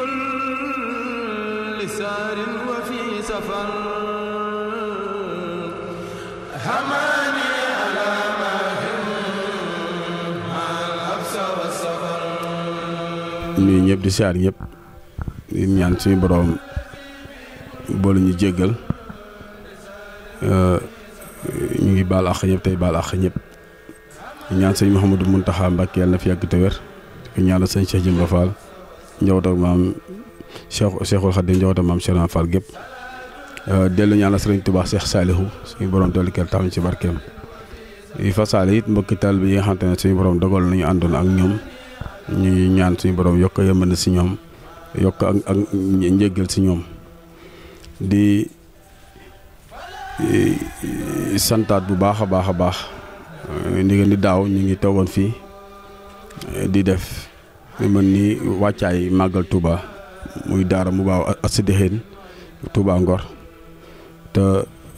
Ini سار وفي سفر هماني على ما هم مع الحبس والسفر ñuy di siyaar ñëpp di ñaan suñu borom boolu ñu jéggal ñu ngi baal àq ñëpp tey baal àq ñëpp ñaan sëñ Mouhamadou Mountakha Mbacké na fi yàgg te wér sëñ Cheikh njabootu maam Cheikh Cheikhul Khadim njabootu maam Cheikh Fall gépp euh, dellu ñaan la sëriñ Tuubaa Cheikh Salihu suñu borom dolli tax ñu ci barkeem yi fa saale it mbokki taal bi yi nga xamante ne suñu borom dogal nañu àndoon ak ñoom ñuy ñaan suñu borom yokk yëmbal si ñoom yokk ak ak njéggal si ñoom di santaat bu baax a baax a baax euh, ndigal di daaw ñu ngi toogoon fii di def man ni wàccaay màggal Touba muy daara mu baaw asidixeen Touba Ngor te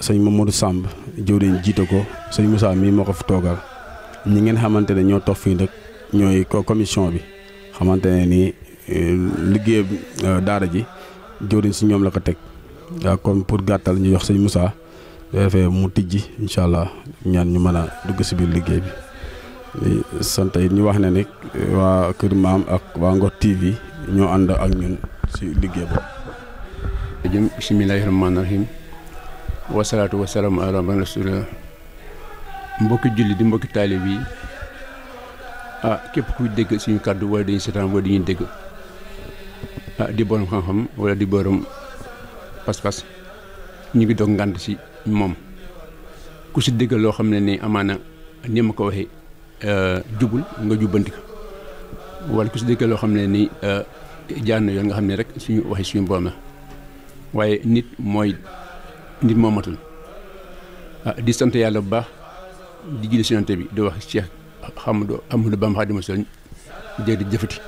sëñ Mamadou Samb jëwriñ jiite ko sëñ Moussa mii moo ko fi toogal ñi ngeen xamante ne ñoo toog fii nag ñooy commission bi xamante ne nii euh, liggéey euh, daara ji jëwriñ si ñoom la ko teg waaw kon pour gàttal ñu jox sëñ Moussa defee mu tijji incha allah ñaan ñu mën a dugg si biir liggéey bi sant it ñu wax ne nek wa keur maam ak wa ngor tv ñoo and ak ñun si liggéey boobu jëm bismillahir rahmanir rahim wa salam ala man rasulillah mbokk julli di mbokk talib yi ah kep ku dégg suñu kaddu wala dañuy seetaan wala dañuy dégg ah di borom xam-xam wala di borom pas-pas ñu ngi dog ngand si mom ku dega dégg lo xamne ni amana ñima ko waxe Euh, jubul nga jubbanti ko wala ku si dëkkee loo xam ne ni euh, jaar na yoon nga xam ne rek suñu waxi suñu borom la waaye nit mooy nit moo matul ah, di sant yàlla bu baax di julli si yonent bi di wax Cheikh Ahmadou Ahmadou Bamba Xaadimu Rasuul di jëfati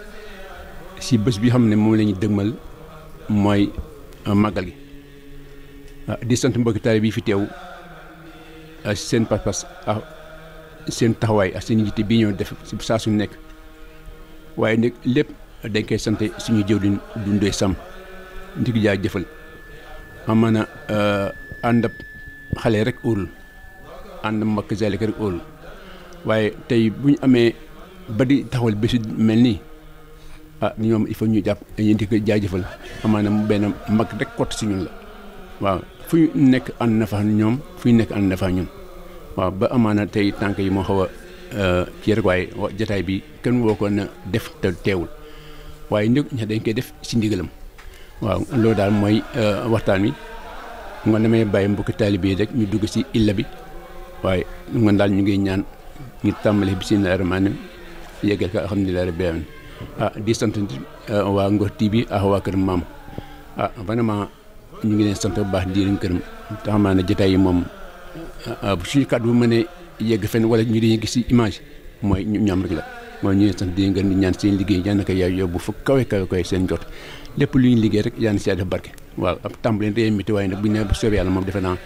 si bés bi xam ne moom la ñu mooy euh, màggal gi ah, di sant mbokki taalibe yi ah, seen pas-pas seen taxawaay ak seen yitte bii ñoo def su saa suñu nekk waaye nag lépp dañ koy sant suñu jëw di dundee sam ndigi jaa jëfal amana euh, ànd xale rek óorul ànd mbakk zalika rek óorul waaye tey bu ñu amee ba di taxawal bési mel nii ah ñoom il fa ñu jàpp ñu di ko jaajëfal amaana benn mag rek kott si ñun la waaw fu ñu nekk ànd na fa ñoom fu ñu nekk ànd na fa ñun waaw ba amaana tey tànk yi moo xaw a euh, kii rek jataay bi kenn woo ko na def te teewul waaye ndig dañ koy def ci ndigalam waaw loolu daal mooy euh, waxtaan wi man damay bàyyi mbokki taalibe yi rek ñu dugg ci illa bi waaye man daal ñu ngi ñaan ñu tàmbali bismillaahi rahmaani yeggal ko alhamdulilaahi rabbil aalamiin ah di sant euh, waa Ngor TV ak waa kër maam ah vraiment ñu ngi leen sant bu baax di leen gërëm te xam naa yi moom. bu euh, euh, suñu kàddu bu mënee yegg fenn wala ñu dañuy gis si image mooy ñoom rek la mooy ñu sant di ngeen di ñaan seen liggéey ñaan na ko yaay yóbbu fa kawe kawe kawe seen jot lépp lu ñu liggéey rek yaan si def barke waaw ab tàmbali day métti waaye nag bu ñu nee bu soobee yàlla moom defe naa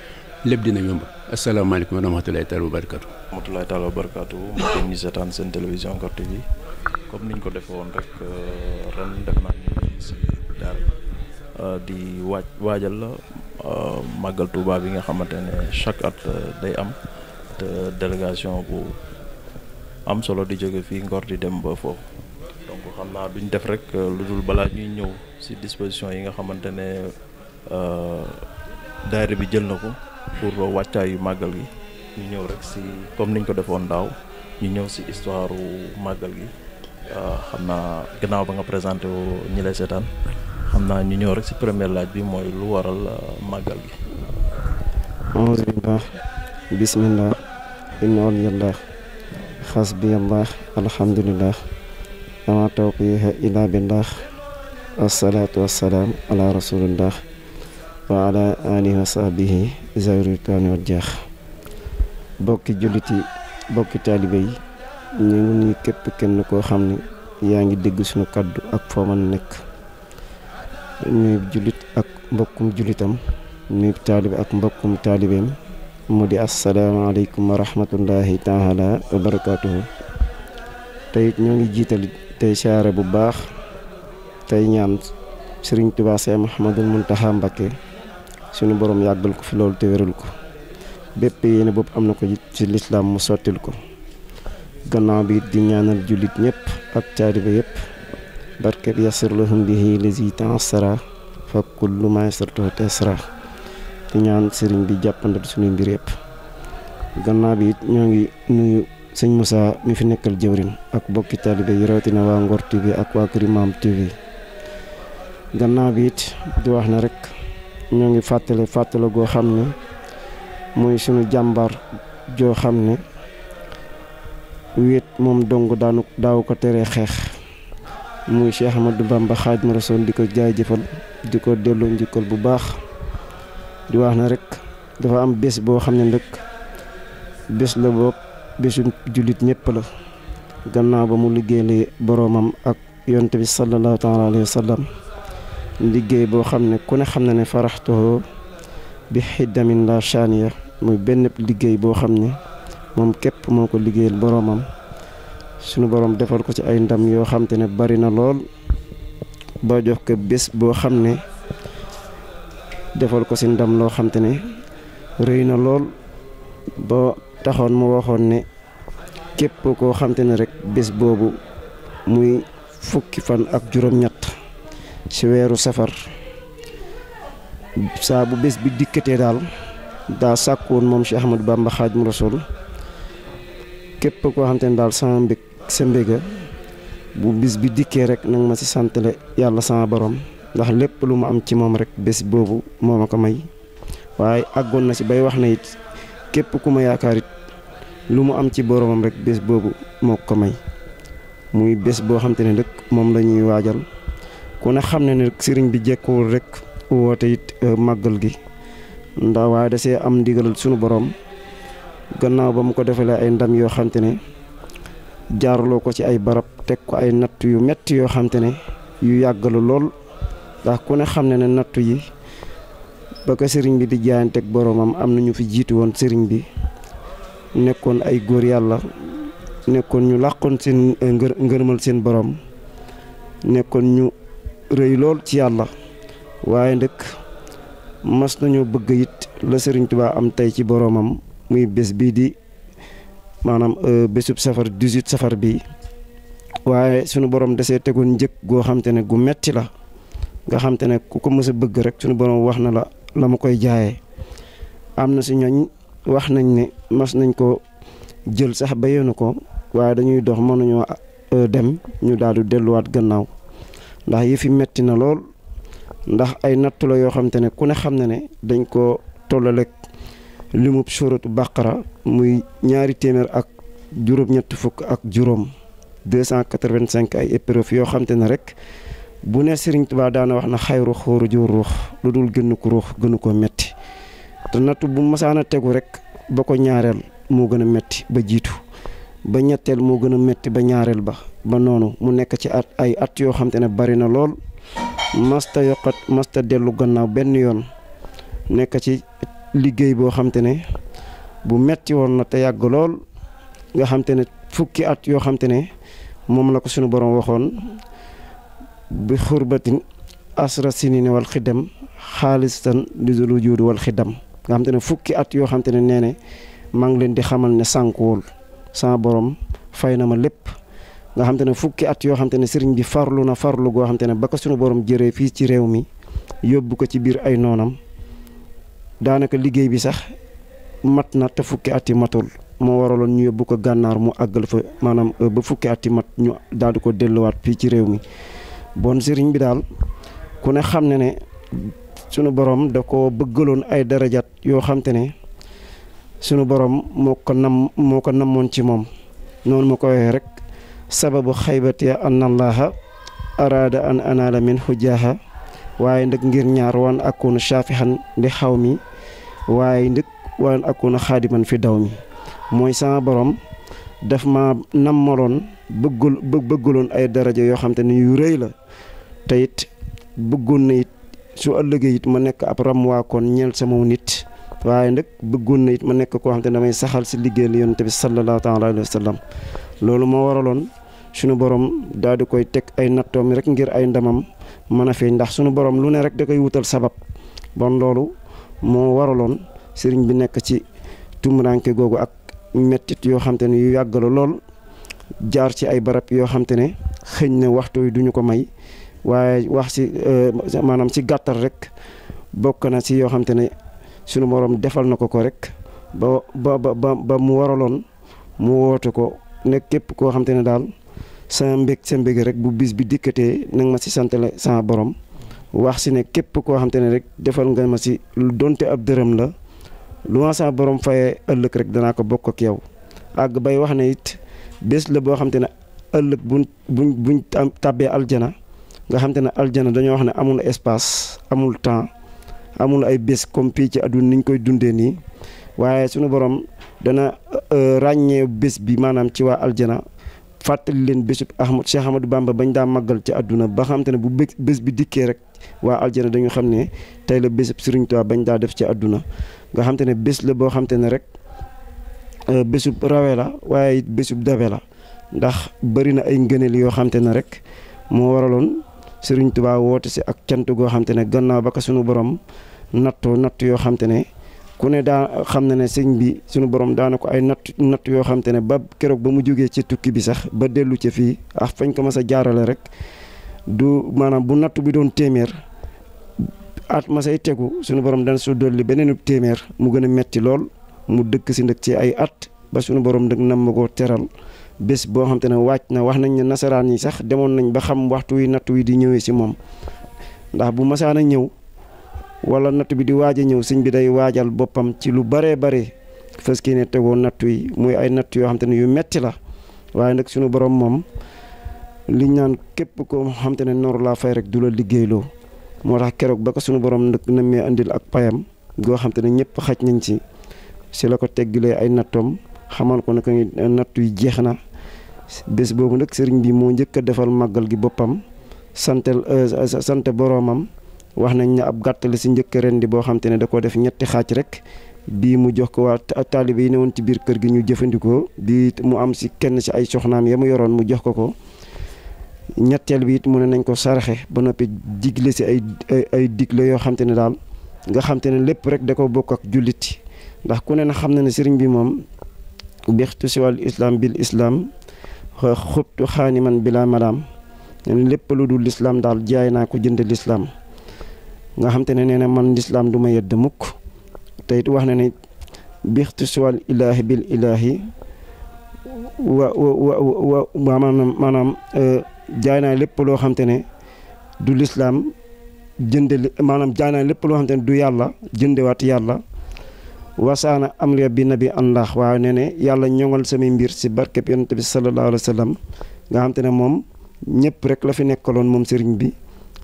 lépp dina yomb asalaamaaleykum wa rahmatulahi taala wa barakatu rahmatulahi taala wa barakatu mbokk ñi seetaan seen télévision Ngor TV comme niñ ko defee woon rek euh, ren def naa ñu si daal di la Euh, màggal Touba yi nga xamante ne chaque at euh, day am te délégation bu am solo di jóge fii Ngor di dem ba foofu donc xam naa duñ def rek euh, lu dul balaa ñuy ñëw si disposition yi nga xamante ne daayira bi jël na ko pour wàccaayu màggal gi ñu ñëw rek ci comme niñ ko defoon daaw ñu ñëw ci histoire màggal gi xam naa gannaaw ba nga présenté wu ñi lay seetaan. xam naa ñu ñëw rek ci première laaj bi mooy lu waral euh, màggal gi auzu billah bismillah bi allah alhamdulillah dama tawfiiha wa ala alihi wa sahbihi zawri jeex bokki jullit bokki taalibe yi ñu ngi képp kenn koo xam ne yaa ngi dégg suñu kàddu ak foo mën nekk nuyub julit ak mbokum julitam nuyub talib ak mbokum talibem mu assalamu alaykum wa rahmatullahi taala wa barakatuh tey ñoo ngi jital tay siyaare bu baax tay ñaan serigne touba say Muhammadul muntaha mbake suñu borom yagal ko fi lol te wéral ko bepp yene bop amna ko ci l'islam mu sotil ko gannaaw bi di ñaanal julit ñepp ak talibe yëpp barke bi yasir lahum bihi lazi ta'sara fa kullu ma yasartu tasra di ñaan sëriñ bi jappandal suñu mbir yépp ganna bi it ñoo ngi nuyu sëñ Moussa mi fi nekkal jëwrin ak bokki talibé yi wa Ngor TV ak wa Kër TV ganna bi it di wax na rek ñoo ngi fatalé fàttale goo xam ne suñu jambar jo xamné ne mom dongu daanu daaw ko téré xex muy Cheikh Ahmadou Bamba Xaadimu Rasuul di ko jaajëfal di ko delloo njukkal bu baax di wax na rek dafa am bés boo xam ne ndëkk bés la boog bésu jullit ñëpp la gannaaw ba mu liggéeyale boroomam ak yonte bi sallallahu taala alayhi liggéey boo xam ne ku ne xam na ne faraxtoo bi xiddamin la shaaniya muy benn liggéey boo xam ne moom képp moo ko liggéeyal boroomam sunu borom defal ko ci ay ndam yoo xam ne bari na lool ba jox ko bés boo xam ne defal ko ci ndam loo xam ne rëy na lool ba taxoon mu waxoon ne képp koo xam ne rek bés boobu muy fukki fan ak juróom-ñett ci weeru safar saa bu bés bi dikkatee daal daa sàkkoon moom Cheikh Ahmadou Bamba mu Rasuul képp koo xam te ne daal sama mbég ak sa mbéga bu bis bi dikkee rek nag ma ci santale yàlla sama borom ndax lépp lu mu am ci moom rek bés boobu moo ma ko may waaye àggoon na ci bay wax na it képp ku ma yaakaar it lu mu am ci boromam rek bés boobu moo ko may muy bés boo xam te ne rek moom la ñuy waajal ku ne xam ne ne sëriñ bi jekkuwul rek woote it euh, màggal gi ndax waaye da am ndigalal sunu borom gannaaw ba mu ko defalee ay ndam yoo xam ne jaarloo ko ci ay barab teg ko ay natt yu metti yoo xam ne yu yàggalu lool ndax ku ne xam ne na natt yi ba ko sëriñ bi di jaayanteeg boroomam am na ñu fi jiitu woon sëriñ bi nekkoon ay góor yàlla nekkoon ñu làqoon seen eh, ngërëmal seen boroom nekkoon ñu rëy lool ci yàlla waaye ndëkk mas nañoo bëgg it la sëriñ Tuubaa am tey ci boroomam muy bés bii di maanaam euh, bésub safar 18 safar bi waaye sunu boroom desee tegoon njëg goo xam ne gu metti la nga xam te ne ku ko mës bëgg rek sunu borom wax na la la ma koy jaaye am na si ñoñ wax nañ ne mas nañ ko jël sax ba yéenu ko waaye dañuy dox nañu mënuñoo euh, dem ñu daal di delluwaat gannaaw ndax yëfi metti na lool ndax ay nattu la yoo xam ne ku ne xam na ne dañ ko tollaleeg limub suratu baqara muy ñaari téeméer ak juróom-ñett fukk ak juróom ay épreuve yoo xam te ne rek bu ne Sëriñ Tuubaa daana wax na xayru xóoru ju ruux lu dul gënn ko ruux gënu ko metti te nattu bu masaana tegu rek ba ko ñaareel moo gën a metti ba jiitu ba ñetteel moo gën a metti ba ñaareel ba ba noonu mu nekk ci at ay at yoo xam te ne bari na lool masta yokkat masta dellu gannaaw benn yoon nekk ci liggéey boo xam ne bu metti woon na te yàgg lool nga xam ne fukki at yoo xam ne moom la ko suñu borom waxoon bi xurbatin asra sinine wal xiddam xaalistan lidulu juudu wal xiddam nga xam te ne fukki at yoo xam ne nee ne maa ngi leen di xamal ne sànkuwul sama borom fay na ma lépp nga xamte ne fukki at yoo xamte ne sëriñ bi farlu na farlu goo xam ne ba ko suñu boroom jëree fii ci réew mi yóbbu ko ci biir ay noonam danaka liggey bi sax mat ta fukki ati matul mo waralon ñu yóbbu ko gànnaar mu aggal fa manam euh, ba fukki at mat ñu dal di ko wat fi ci rew mi bon serigne bi dal ku ne xamne ne suñu borom da ko bëggaloon ay darajat yo xam ne sunu borom moko nam moko namon ci mom non ma ko rek sababu khaybati ya an arada an anala min hujaha waaye nag ngir ñaar waan akuna shaafihan li xaw mi waaye nag waan akuna xaadiman fi daw mi mooy sama borom daf ma nammaloon bëggul bëgguloon ay daraja yoo xam te ne yu rëy la te bëggoon na yit su ëllëgee it ma nekk ab ram waa kon ñeel sama nit waaye nag bëggoon na it ma nekk koo xam te ne damay saxal si liggéeyal yonent bi sallallahu taala alayhi wa sallam loolu moo waraloon sunu borom daal di koy teg ay nattoom rek ngir ay ndamam mën a feeñ ndax sunu borom lu ne rek da koy wutal sabab bon loolu moo waraloon sëriñ bi nekk ci tumuranke googu ak mettit yoo xam ne yu yàgg lool jaar ci ay barab yoo xam ne xëñ na waxtu wi duñu ko may waaye wax si euh, maanaam si gàttal rek bokk na si yoo xam ne sunu borom defal na ko ko rek ba ba ba ba mu waraloon mu woote ko nekk képp koo xam ne daal sa mbek mbek rek bu bis bi dikete nang ma sante santale sama borom wax ci ne kep ko xamantene rek defal nga ma donte ab deureum la lu ma sama borom fayee euleuk rek dana ko bokk ak yow ag bay wax ne it bes la bo xamantene euleuk buñ buñ buñ aljana nga xamantene aljana dañu wax ne amul espace amul temps amul ay bes comme fii ci adun niñ koy dundé wah waye sunu borom dana euh, ragné bes bi manam ci wa aljana fàttali leen bésub Ahmad Cheikh Ahmadou Bamba bañ daa màggal ci àdduna ba xam ne bu bés bi dikkee rek waa aljana dañu xam ne tey la bésub Sëriñ bañ daa def ci àdduna nga xam ne bés la boo xam te ne rek euh, bésub rawe la waaye it bésub dabe la ndax bëri na ay ngëneel yoo xam te ne rek moo waraloon Sëriñ Tuubaa woote si ak cant goo xam ne gannaaw ba ko sunu borom nattoo natt yoo xam ne ku ne daa xam na ne sëñ bi sunu borom daana ko ay natt natt yoo xam ne ba keroog ba mu jógee ci tukki bi sax ba dellu ca fii ak fañ ko mas a jaarale rek du maanaam bu natt bi doon téeméer at ma say tegu sunu borom dana su dolli beneen téeméer mu gën a metti lool mu dëkk si nag ci ay at ba sunu borom nag nam ko teral bés boo xam te ne wàcc na wax nañ ne nasaraan yi sax demoon nañ ba xam waxtu wi natt wi di ñëwee si moom ndax bu masaana ñëw. wala natt bi di waaj ñew señ bi day wajal bopam ci lu bare bare fas kii ne tegoo natt yi muy ay natt yo xam yu metti la waye nak suñu borom mom li ñaan kep ko xam nor la fay rek du la liggéeyloo moo ba ko suñu borom nak na andil ak payam go xam ñepp ne xaj nañ ci ci la ko teggilee ay nattom xamal ko nak natt yi jeexna bes bobu nak bi mo ñëk defal magal gi bopam santel euh, sant boromam wax nañ ne ab gàttale si njëkk rendi boo xam te ne da koo def ñetti xaaj rek bii mu jox ko waa taalibe yi ne woon ci biir kër gi ñu jëfandikoo bii mu am si kenn si ay soxnaam ya mu yoroon mu jox ko ko ñetteel bi it mu ne nañ ko saraxe ba noppi digle si ay ay digle yoo xam te ne daal nga xam te ne lépp rek da ko bokk ak jullit ndax ku ne na xam na ne sëriñ bi moom bextu si wàllu islam bil islaam xubtu xaani man bilaa madaam lépp lu dul lislaam daal jaay naa ko jënd lislaam nga xam ne nee na man lislaam du ma yedd mukk te it wax na ne bixtisuwal ilaahi bil ilaahi wa wa wa wa maanaam e, maanaam jaay naa lépp loo xam ne du lislaam jëndeli maanaam jaay naa lépp loo xam ne du yàlla jëndewaat yàlla wasaana am lia bi nabi àndaax waaye nee ne yàlla ñoŋal samay mbir si barkeb yonent bi sallallahu alayhi nga xam ne moom ñëpp rek la fi nekkaloon moom sëriñ bi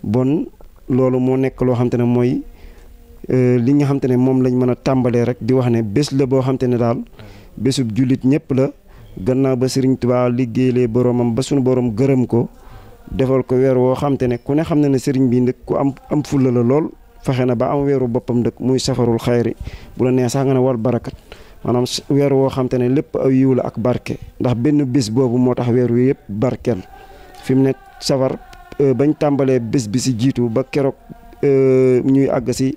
bon loolu moo nekk loo xam ne mooy euh, li nga xam ne moom lañ mën a tàmbalee rek di wax ne bés la boo xam ne daal bésub jullit ñëpp la gannaaw ba Sëriñ Tuubaa liggéeylee boroomam ba suñu borom gërëm ko defal ko weer woo xam te ne ku ne xam na ne sëriñ bi ndëkk ku am am fulla la lool fexe na ba am weeru boppam ndëkk muy safarul xayri bu la neex sax nga ne wal barakat maanaam weer woo xam ne lépp aw yiw la ak barke ndax benn bés boobu moo tax weer wi yëpp barkeel fi mu ne safar Euh, bañ tambalé bës bi ci jitu ba euh ñuy àgg fan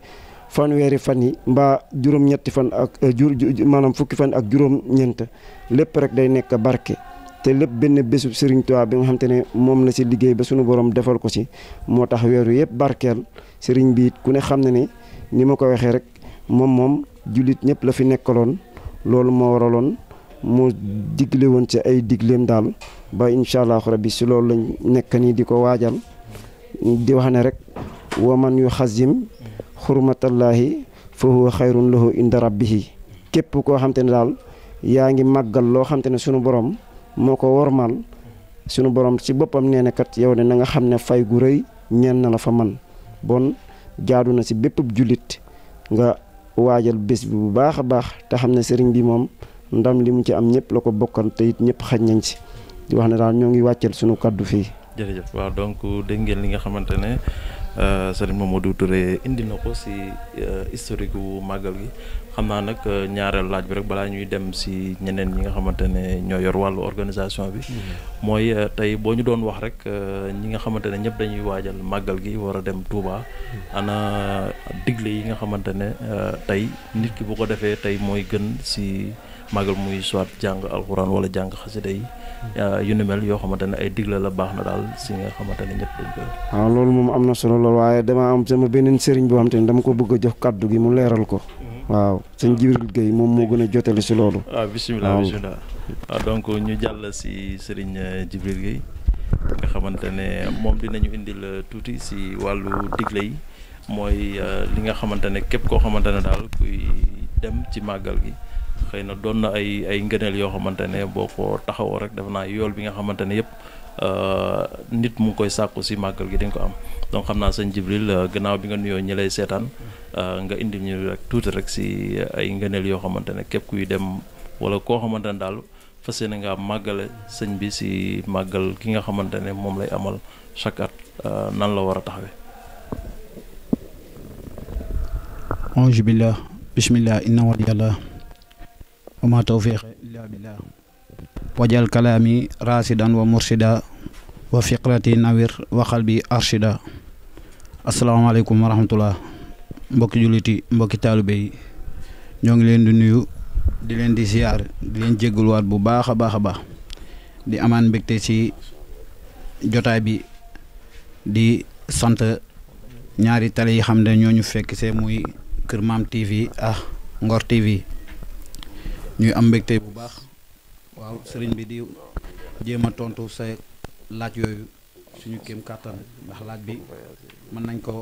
fanweeri fan yi mba juróom-ñetti fan ak euh, jur manam fukki fan ak juróom ñent lepp rek day nekk barké te lepp benn bësub sëriñ tuwa bi nga xamanté te ne la ci liggéey ba suñu borom défal ko ci motax wéru yépp barkel sëriñ bi ku ne xamné na ni ko waxé rek mom mom julit ñepp la fi nekkalon loolu mo waralon mo digle ci ay digleem dal ba incha Allah rabbi si lolou lañ nek ni di ko di wax ne rek wa man yu xasim fa huwa khairun lahu inda rabbih kep ko xamantene dal yaangi magal lo xamantene sunu borom moko wormal sunu borom ci bopam neena kat yow ne nga xamne fay gu reuy ñen la fa man bon jaadu na si bépp jullit nga wajal bes bi bu baakha baax ta xamne serigne bi mom ndam limu ci am ñëpp lako bokkal te it ñëpp xaj wax ne daal ñoo ngi wàcceel suñu kàddu fii. jërëjëf waaw donc dégg ngeen li nga xamante ne euh, sëriñ Mamadou Touré indi na ko si euh, historique wu màggal gi xam naa nag euh, ñaareelu laaj bi rek balaa ñuy dem si ñeneen ñi nga xamante ne ñoo yor wàllu organisation bi. Mm-hmm. mooy tey boo ñu doon wax rek ñi nga xamante ne ñëpp dañuy waajal màggal gi war a dem Touba. Mm-hmm. ana digle yi nga xamante ne tey nit ki bu ko defee tey mooy gën si. màggal muy soit jàng alxuraan wala jàng xasida yi hmm. yu ni mel yoo xamante ne ay digle la baax na daal si nga xamante ne ñëpp dañ loolu moom am na solo lool waaye dama am sama beneen sëriñ boo xam te dama ko bëgg a jox kàddu gi mu leeral ko hmm. waaw sëñ ah. Jibril Gueye moom moo gën a jotali si loolu ah, waaw bisimilah bisimilah waaw donc ñu jàll si sëriñ euh, Jibril Gueye nga xamante ne moom dinañu indil euh, tuuti si wàllu digle yi mooy euh, li nga xamante ne képp koo xamante ne daal kuy dem ci màggal gi xeyna don na ay ay ngeenel yo xamantene boko taxaw rek def na yool bi nga xamantene yep euh nit mu koy sakku si magal gi ding ko am donc xamna seigne Jibril euh, gannaaw bi nga nuyo ñi lay euh, nga indi ñu rek tout rek si ay ngeenel yo xamantene kep kuy dem wala ko xamantene dal daal fas nga magal bi si magal gi nga xamantene mom lay amal chaque at euh, nan la wara taxawé taxawee. billah bismillah inna waliyallah wa ma wajal rasidan wa mursida wa fiqrati nawir wa qalbi arshida assalamu alaikum warahmatullah mbok juliti mbok mbokki taalibe ngi leen di nuyu di leen di ziar di leen bu baaxa baaxa baax di aman mbekté ci jotaay bi di sante ñaari tali yi xam ne ñoo ñu fekk c'est muy Kër mam TV ah Ngor TV ñuy am mbégte bu baax waaw sëriñ bi di jéem a tontu sa laaj yooyu suñu kéem kàttan ndax laaj bi mën nañ koo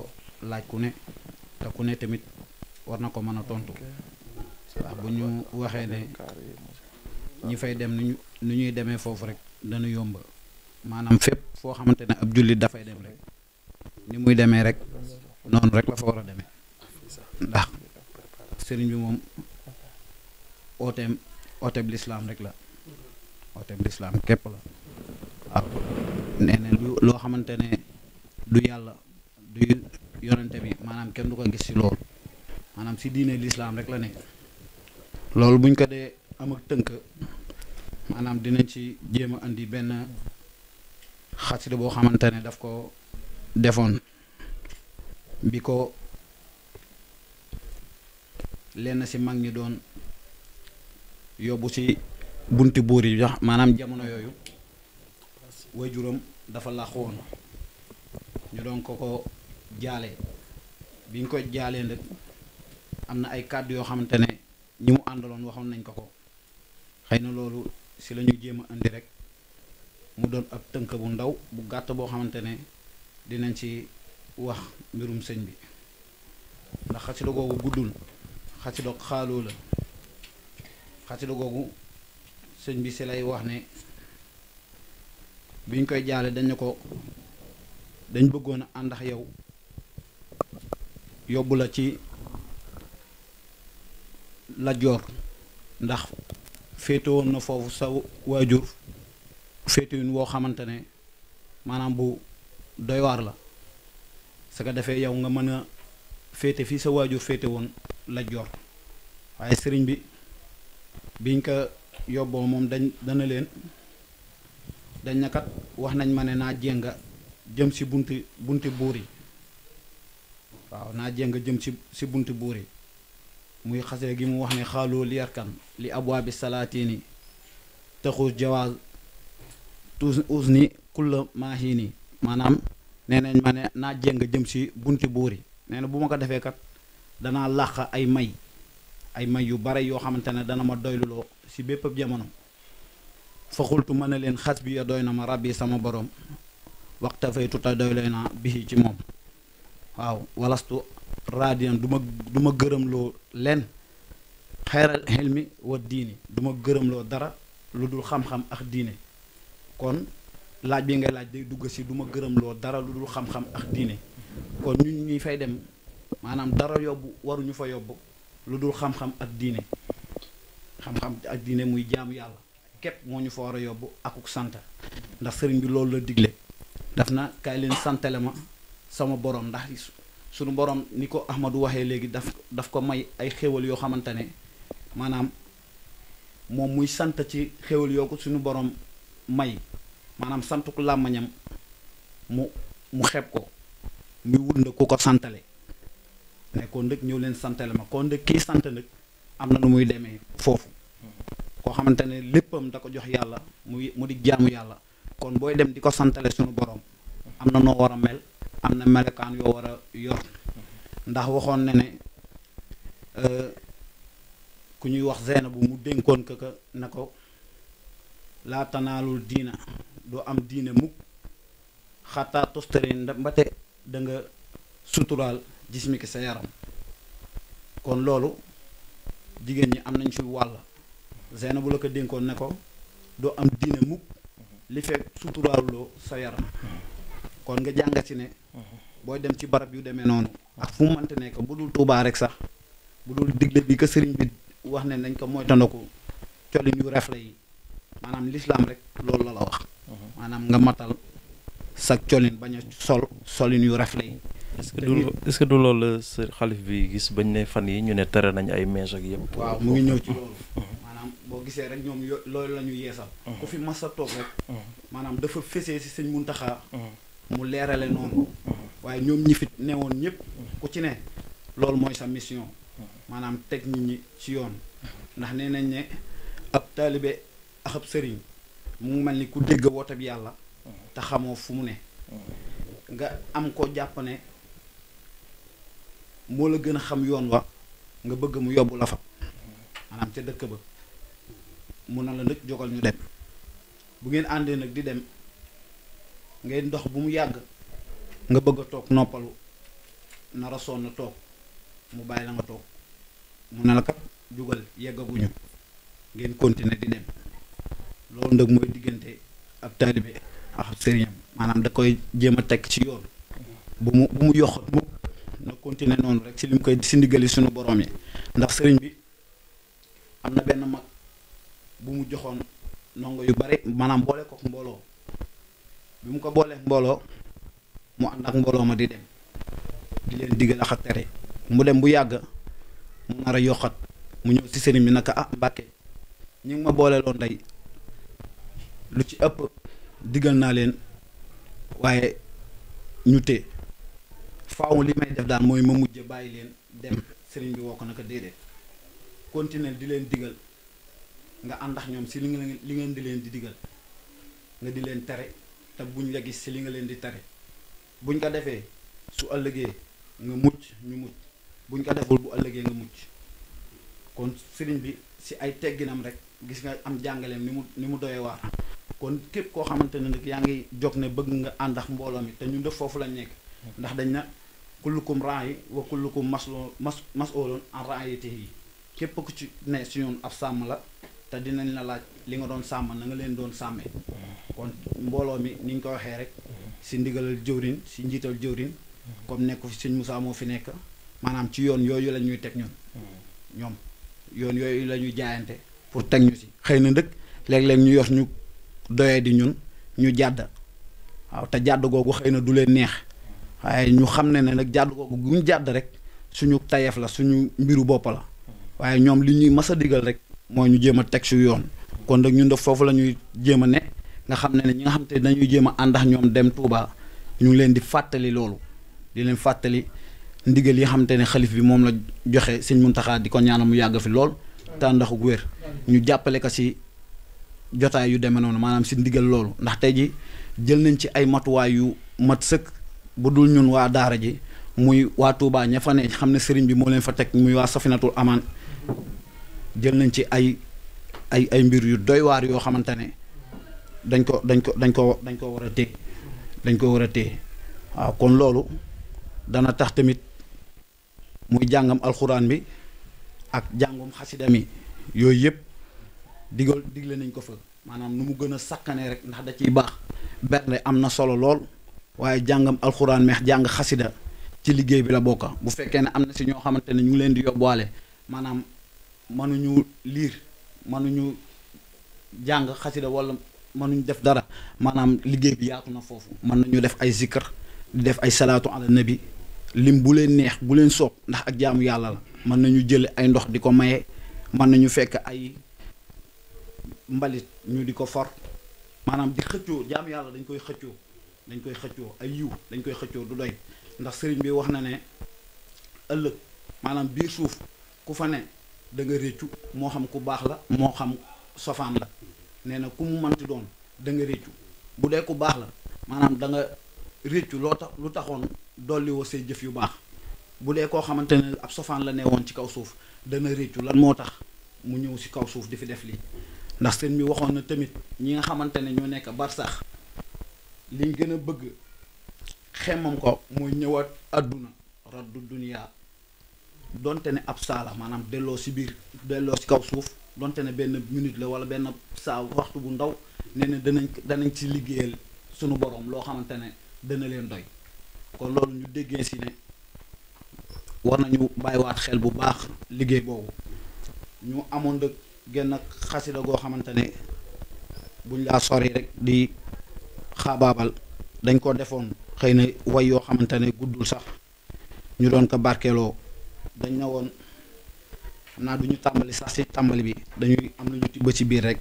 laaj ku ne te ku ne tamit war na ko mën a tontu bu ñu waxee ne ñi fay dem nu ñuy demee foofu rek dana yomb maanaam fépp foo xamante ne ab jullit dafay dem rek ni muy demee rek noonu rek la fa war a demee ndax sëriñ bi moom ooteem ooteem lislaam rek la ooteem lislaam képp la waaw nee lu loo xamante ne du yàlla du yonente bi maanaam kenn du ko gis si loolu maanaam si diine lislaam rek la ne loolu buñ ko dee am tënk maanaam dinañ ci jéem a indi benn xasida boo xamante ne daf ko defoon bi ko lenn si mag ñi doon yóbbu ci bunt buur yi maanaam jamono yooyu waajuram dafa làqu woon ñu doon ko ko jaale bi ñu ko jaalee nag am na ay kàdd yoo xamante ne ñi mu àndaloon waxoon nañ ko ko xëy na loolu si la ñu jéem a indi rek mu doon ab tënk bu ndaw bu gàtt boo xamante ne dinañ ci wax mbirum sëñ bi ndax xasida googu guddul xasida xaaloo la xasida googu sëñ bi si lay wax ne biñ koy jaale dañu ko dañ bëggoon a ànd ak yow yóbbu la ci Lat ndax féete woon na foofu sa waajur féete woo xamante ne maanaam bu doywaar la sa ko defee yow nga mën a féete fii sa waajur féete woon Lat Joor waaye sëriñ bi biñ ko yóbboo moom dañ dana leen dañ na kat wax nañ ma ne naa jénga jëm si bunti bunti yi waaw naa jénga jëm si si buur yi muy xasee gi mu wax ne xaaloo li yarkan li abwaabi te taxuus jawaaz tuus uus ni kulla maahini maanaam nee nañ ma ne naa jénga jëm si bunti buur yi nee na bu ma ko defee kat danaa làq ay may ay may yu bare yoo xamante ne dana ma doyluloo si bépp jamono fa xultu mën a leen xas bi ya doy na ma rab yi sama boroom waxta faytu te doyloo naa bisi ci moom waaw walastu raadiyan du ma du gërëmloo leen xel mi wa diini duma ma gërëmloo dara lu dul xam-xam ak diine kon laaj bi ngay laaj day dugg si du ma gërëmloo dara lu dul ak diine kon ñun fay dem maanaam dara yóbbu waruñu fa yobbu lu dul xam-xam ak diine xam-xam ak diine muy jaamu yàlla képp moo ñu fa war a yóbbu akuk sant ndax sëriñ bi loolu la digle daf na kaay leen santale ma sama borom ndax suñu borom ni ko Ahmadou waxee léegi daf daf ko may ay xéwal yoo xamante ne maanaam moom muy sant ci xéwal yoo ko suñu borom may maanaam santuk làmmañam mu mu xeeb ko muy wut na ku ko santale ne kon nag ñëw leen santale ma kon nag kii sant nag am na nu muy demee foofu koo xamante ne léppam da ko jox yàlla muy mu di jaamu yàlla kon booy dem di ko santale sunu boroom am na noo war a mel am na melokaan yoo war a yor ndax waxoon na ne euh, ku ñuy wax zeena bu mu dénkoon ko ko na ko laa tanaalul diina doo am diine mukk xataa tostari mbate da suturaal jismiki sa yaram kon loolu jigéen ñi am nañ ci wàll zeyna bu la ko dénkoon ne ko doo am diine mukk mm-hmm. li fekk suturaaluloo sa yaram mm-hmm. kon nga jàngat ci ne mm-hmm. booy dem ci barab yu demee noonu ak fu mu mënte bu dul tuubaa rek sax bu dul digle bi ko sëriñ bi wax ne nañ ko ko colin yu refle yi maanaam lislaam rek loolu la la wax maanaam nga matal sag colin bañ a sol solin yu refle yi est que du que loolu sa xalif bi gis bañ ne fan yi ñu ne tere nañ ay mèches ak yëpp. waaw mu ngi ñëw ci loolu. maanaam boo gisee rek ñoom loolu la ñu yeesal. ku fi mas a toog rek. maanaam dafa fesee si sañ sëñ taxa mu leerale noonu. waaye ñoom ñi fi newoon ñëpp. ku ci ne loolu mooy sa mission. maanaam teg nit ñi ci yoon. ndax nee nañ ne ab taalibe ak ab sëriñ mu mel ni ku dégg woote bi yàlla. te xamoo fu mu ne. nga am ko jàpp moo la gën a xam yoon wa nga bëgg mu yóbbu la fa maanaam ca dëkk ba mu na la nag jógal ñu dem bu ngeen àndee nag di dem ngeen dox bu mu yàgg nga bëgg a toog noppalu nara na toog mu bàyyi la nga toog mu na la kat jógal yeggaguñu ngeen continuer di dem loolu nag mooy diggante ab taalibe ak sëriñam maanaam da koy jéem a teg ci yoon bu mu bu mu yoxat mukk na continuer noonu rek li mu koy si sunu boroom borom yi ndax sëriñ bi am na benn mag bu mu joxoon ndongo yu bari maanaam boole kook mbooloo bi mu ko booleek mbooloo mu ànd ak mbooloo ma di dem di leen digal ak tere mu dem bu yàgg mu nar a yokkat mu ñëw si sëriñ bi naka ah Mbàkke ñi ngi ma boole loon lu ci ëpp digal naa leen waaye ñu tee faaw li may def daal mooy ma mujj bàyyi leen dem sëriñ bi woo ko naka déedéet continuer di leen digal nga ànd ak ñoom si li nga li ngeen di leen di digal nga di leen tere te buñ la gis si li nga leen di tere buñ ko defee su ëllëgee nga mucc ñu mucc buñ ko deful bu ëllëgee nga mucc kon sëriñ bi si ay tegginam rek gis nga am jàngaleem ni mu ni mu doyee waar kon képp koo xamante ne nag yaa ngi jóg ne bëgg nga ànd mbooloo mi te ñun def foofu la nekk ndax dañ na kullukum ra'i wa kullukum mas'ulun an raayatihi képp ku ci ne si ñun ab sàmm la te dinañ la laaj li nga doon sàmm na nga leen doon sàmmee kon mbooloo mi ni nga ko waxee rek si ndigalal jëwrin si njiital jëwrin comme nekk fi sëñ Moussa moo fi nekk maanaam ci yoon yooyu la ñuy teg ñun ñoom yoon yooyu la ñuy jaayante pour teg ñu si xëy na ndëkk léeg-léeg ñu yor ñu doyee di ñun ñu jàdd waaw te jàdd googu xëy na du leen neex waaye ñu xam ne ne nag jàdd googu gu jàdd rek suñu tayeef la suñu mbiru bopp la waaye ñoom li ñuy masa a digal rek mooy ñu jéem a teg su yoon kon nag ñun def foofu la ñuy jéem a ne nga xam ne ne ñi nga xam te dañuy jéem a àndax ñoom dem Touba ñu ngi leen di fàttali loolu di leen fàttali ndigal yi xam te ne xalif bi moom la joxe sëñ Muntaxa di kon ñaanal mu yàgg fi lool te àndax gu wér ñu jàppale ko si jotaay yu demee noonu maanaam si ndigal loolu ndax tey ji jël nañ ci ay matuwaay yu mat sëkk budul ñun wa daara ji muy wa Touba ña fa ne xamne serigne bi mo leen fa tek muy wa Safinatul aman jël nañ ci ay ay ay mbir yu doy waar yo xamante dañ ko dañ ko dañ ko dañ ko wara tey dañ ko wara tey wa kon lolu dana tax tamit muy jangam alquran bi ak jangum xasida mi yoy yep digol digle nañ ko fa manam numu gëna sakane rek ndax da ciy bax berne amna solo lol waaye jàngam alxuraan meex jàng xasida ci liggéey bi la bokka bu fekkee ne am na si ñoo xamante ne ñu ngi leen di yóbbuwaale maanaam mënuñu liir mënuñu jàng xasida wala mënuñu def dara maanaam liggéey bi yaatu na foofu mën nañu def ay zikr di def ay salaatu ala nabi lim bu leen neex bu leen soob ndax ak jaamu yàlla la mën nañu jël ay ndox di ko maye mën nañu fekk ay mbalit ñu di ko for maanaam di xëccoo jaamu yàlla dañ koy xëccoo dañ koy xëccoo ay yiw dañ koy xëccoo du doy ndax sëriñ bi wax na ne ëllëg maanaam biir suuf ku fa ne da réccu moo xam ku baax la moo xam sofaan la nee na ku mu mënti doon da bu dee ku baax la maanaam da nga réccu loo tax lu taxoon dolli woo jëf yu baax bu dee koo xamante ne ab sofaan la ne woon ci kaw suuf dana réccu lan moo tax mu ñëw si kaw suuf di fi def lii ndax seen bi waxoon na tamit ñi nga xamante ne ñoo nekk barsax liñ gën a bëgg xemmam ko mooy ñëwaat àdduna raddu duniyaa donte ne ab saala maanaam delloo si biir delloo si kaw suuf donte ne benn minute la wala benn saa waxtu bu ndaw ne na danañ danañ ci liggéeyal sunu boroom loo xamante ne dana leen doy kon loolu ñu déggee si ne war nañu bàyyiwaat xel bu baax liggéey boobu ñu amoon dëkk genn xasida goo xamante ne buñ laa sori rek di xaabaabal dañ ko defoon xëy na woy yoo xamante ne guddul sax ñu doon ko barkeloo dañ na woon xam naa du ñu tàmbali sax ci tàmbali bi dañuy am na tibb ci biir rek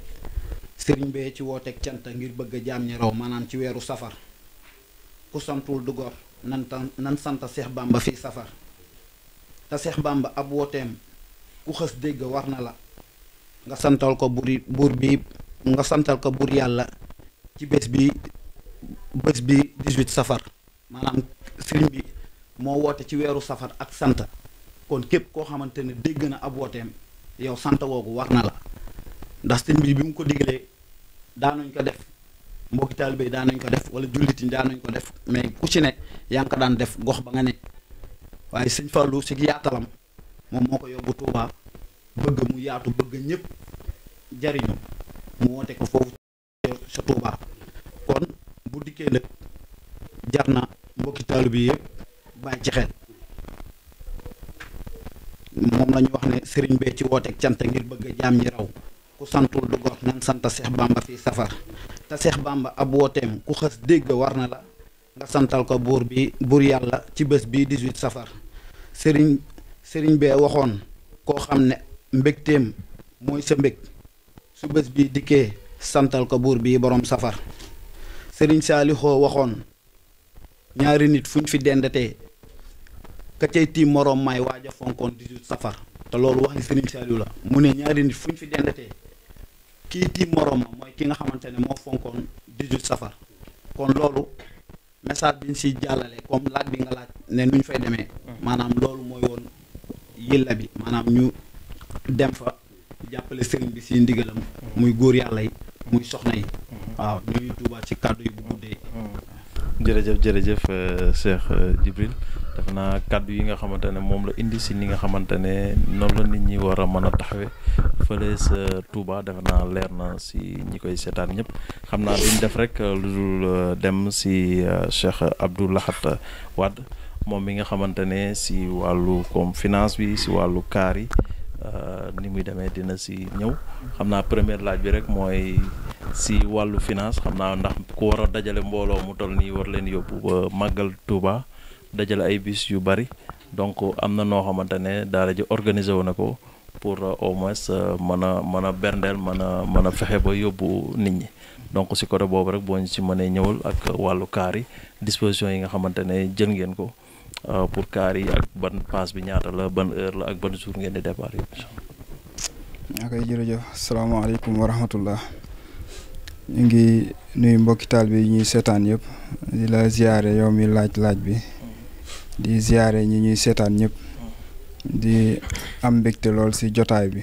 sëriñ bee ci wooteeg cant ngir bëgg a jaam ñi raw maanaam ci weeru safar ku santul du gor nan nan sant Seex Bàmba fii safar te Seex Bàmba ab wooteem ku xës dégg war na la nga santal ko buur bi nga santal ko buur yàlla ci bés bi bés bi 18 safar maanaam sëriñ bi moo woote ci weeru safar ak sant kon képp koo xamante ne dégg na ab wooteem yow sant woogu war na la ndax sëriñ bi bi mu ko diglee daanañ ko def mbokki taalibe yi daanañ ko def wala jullit yi daanañ ko def mais ku ci ne yaa ngi ko daan def gox ba nga ne waaye sëñ Fallou si yaatalam moom moo ko yóbbu Touba bëgg mu yaatu bëgg ñépp jariñu mu woote ko foofu sa Touba kon bu dikkee nag jar na mbokki taalu bi yëpp bàyyi ci xel moom la ñu wax ne sëriñ bee ci wooteeg cant ngir bëgg a jaam ñi raw ku santul du gox nan sant Seex Bamba fi safar te Seex Bamba ku xës dégg war na la nga santal ko buur bi buur yàlla ci bés bii 18 safar sëriñ sëriñ bee waxoon koo xam ne mbégteem mooy sa mbég su bés bi dikkee santal ko buur bii boroom safar sëriñ saalixoo waxoon ñaari nit fuñ fi dendatee ka cay moroom may waaj a fonkoon 18 safar te loolu wax ni sëriñ saaliw la mu ne ñaari nit fuñ fi dendatee kii tiim moroom ma mooy ki nga xamante ne moo fonkoon 18 safar kon loolu message bi ñu siy jàllale comme laaj bi nga laaj ne nu ñu fay demee maanaam loolu mooy woon yilla bi maanaam ñu dem fa jàppale sëriñ bi si ndigalam muy góor yàlla yi muy soxna yi. waaw ñuy Touba ci kàddu yi bu guddee. jërëjëf jërëjëf euh, Cheikh euh, Djibril def naa kàddu yi nga xamante ne moom la indi si ni nga xamante ne noonu la nit ñi war a mën a taxawee fële sa Touba def naa leer na si ñi koy seetaan ñëpp xam naa duñ def rek euh, lu dul dem si Cheikh Abdou Lahat Wade moom mi nga xamante ne si wàllu comme finance bi si wàllu kaar yi. Euh, ni muy demee dina si ñëw xam naa première laaj bi rek mooy si wàllu finance xam naa ndax ku war a dajale mbooloo mu toll nii war leen yóbbu ba màggal Touba dajale ay bis yu bari donc am na noo xamante ne daara ji organiser wu na ko pour euh, au moins euh, mën a mën a berndeel mën a mën a fexe ba yóbbu nit ñi donc si côté boobu rek boo ñu si mënee ñëwul ak wàllu kaar yi disposition yi nga xamante ne jël ngeen ko. Euh, pour kaar yi ak ban paas bi ñaata la ban heure la ak ban jour ngeen di départ yëpp incha allah. ok jërëjëf salaamaaleykum wa ñu ngi nuyu mbokki taal bi ñuy seetaan yëpp di la ziare yow mi laaj laaj bi di ziare ñi ñuy seetaan ñëpp di am mbégte lool si jotaay bi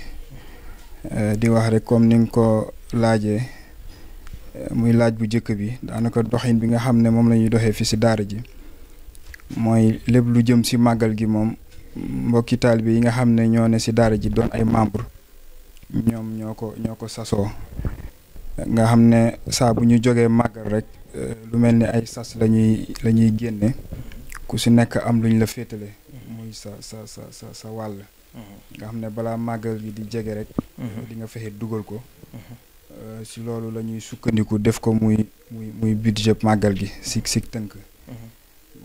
euh, di wax rek comme ni nga ko laaje muy laaj bu njëkk bi daanaka doxin bi nga xam ne moom la ñuy doxee fi si daara ji. mooy lépp lu jëm si màggal gi moom mbokki taalibe yi nga xam ne ñoo ne si daara ji doon ay membre ñoom ñoo ko ñoo ko sasoo nga xam ne saa bu ñu jógee màggal rek euh, lu mel ni ay sas la ñuy la génne ku si nekk am lu ñu la féetale muy sa sa sa sa sa wàll mm-hmm. nga xam ne balaa màggal gi di jege rek mm-hmm. di nga fexe dugal ko si mm-hmm. euh, loolu la ñuy sukkandiku def ko muy muy muy budget màggal gi si si tënk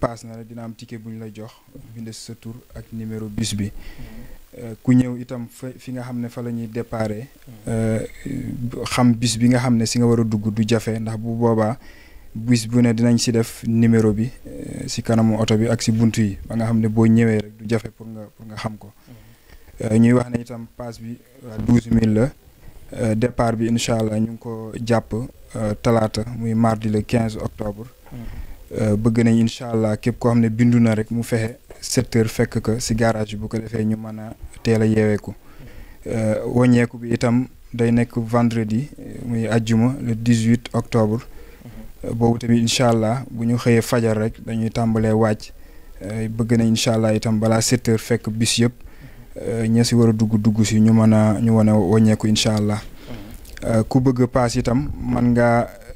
paas na la dina am ticket bu ñu la jox bind sa tur ak numéro bus bi euh, ku ñëw itam fa fi nga xam ne fa la ñuy déparé euh, xam bus bi nga xam ne si nga war a dugg du jafe ndax bu boobaa bus bu ne dinañ si def numéro bi euh, si kanamu oto bi ak si bunt yi ba nga xam ne boo ñëwee rek du jafe pour nga pour nga xam ko ñuy wax ne itam paas bi douze mille la départ bi incha allah ñu ngi ko jàpp talaata muy mardi le quinze octobre Euh, bëgg nañ incha allah képp koo xam ne bindu na rek mu fexe sept fekk ko si garage bi bu ko defee ñu mën a teel a yeeweeku euh, wàññeeku bi itam day nekk vendredi muy ajjuma le dix huit octobre euh, boobu tamit incha allah bu ñu xëyee fajar rek dañuy tàmbalee wàcc bëgg nañ incha allah itam balaa sept fekk bis yëpp ña si war a dugg dugg si ñu mën a ñu wane a wàññeeku incha allah mhm. ku bëgg paas itam man nga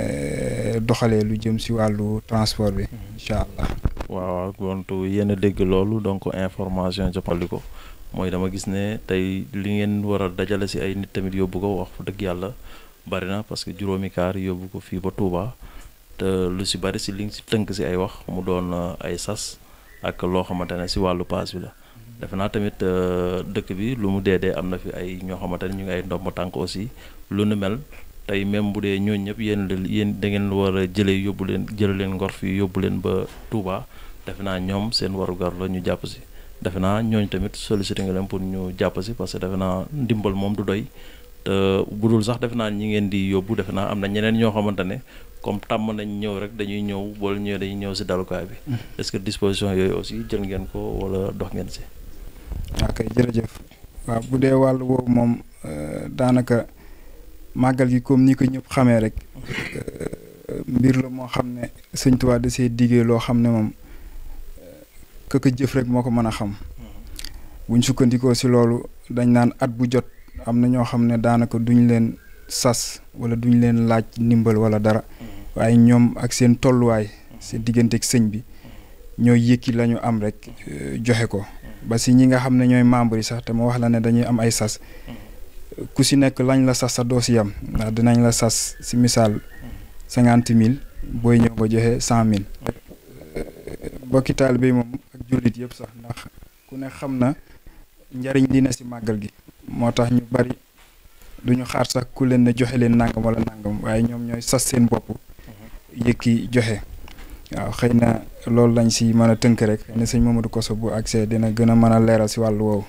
Eh, doxalee lu jëm si wàllu transport bi incha allah. waaw gontu yéen dégg loolu donc information jàppali ko mooy dama gis ne tey li ngeen war a dajale si ay nit tamit yóbbu ko wax dëgg yàlla bari na parce que juróomi kaar yóbbu ko fii ba Touba te lu si bari si li nga si tënk si ay wax mu doon eh, ay sas ak loo xamante ne si wàllu paas bi la. defe naa tamit eh, dëkk bi lu mu dee dee am na fi ay ñoo xamante ne ñu ngi ay ndomb tànk aussi lu nu mel tey même bu dee ñooñu ñëpp yéen la yéen da ngeen war a jëlee yóbbu leen jële leen ngor yóbbu leen ba Touba defe naa ñoom seen warugar la ñu jàpp si defe naa ñooñu tamit sollicité nga leen pour ñu jàpp si parce que defe naa ndimbal moom du doy te sax defe naa ñi ngeen di yóbbu defe naa am na ñeneen ñoo xamante ne comme tàmm nañ ñëw rek dañuy ñëw wala ñëw dañuy ñëw si dalukaay bi hmm. est-ce que disposition yooyu aussi jël ngeen ko wala dox ngeen si. ok jërëjëf waaw bu dee wàll boobu moom euh, daanaka. màggal gi comme ni ko ñëpp xame rek mbir la moo xam ne sëñ Tuubaa da see diggee loo xam ne moom ka ko jëf rek moo ko mën a xam buñ sukkandikoo si loolu dañ naan at bu jot am na ñoo xam ne daanaka duñ leen sas wala duñ leen laaj ndimbal wala dara waaye ñoom ak seen tolluwaay seen diggante ak sëñ bi ñoo yëkki la ñu am rek joxe ko ba si ñi nga xam ne ñooy membre yi sax te ma wax la ne dañuy am ay sas ku si nekk lañ la sas sa dossier am ndax dinañ la sas si misaal cinquante mille booy ñëw nga joxe cent mille mbokki bi moom ak jullit yëpp sax ndax ku ne xam na njariñ li na si màggal gi moo tax ñu bari duñu xaar sax ku leen ne joxe leen nangam wala nangam waaye ñoom ñooy sas seen bopp yëkki joxe waaw xëy na loolu lañ si mën a tënk rek xëy na sëñ Mamadou Kosso bu accès dina gën a mën a leeral si wàllu woowu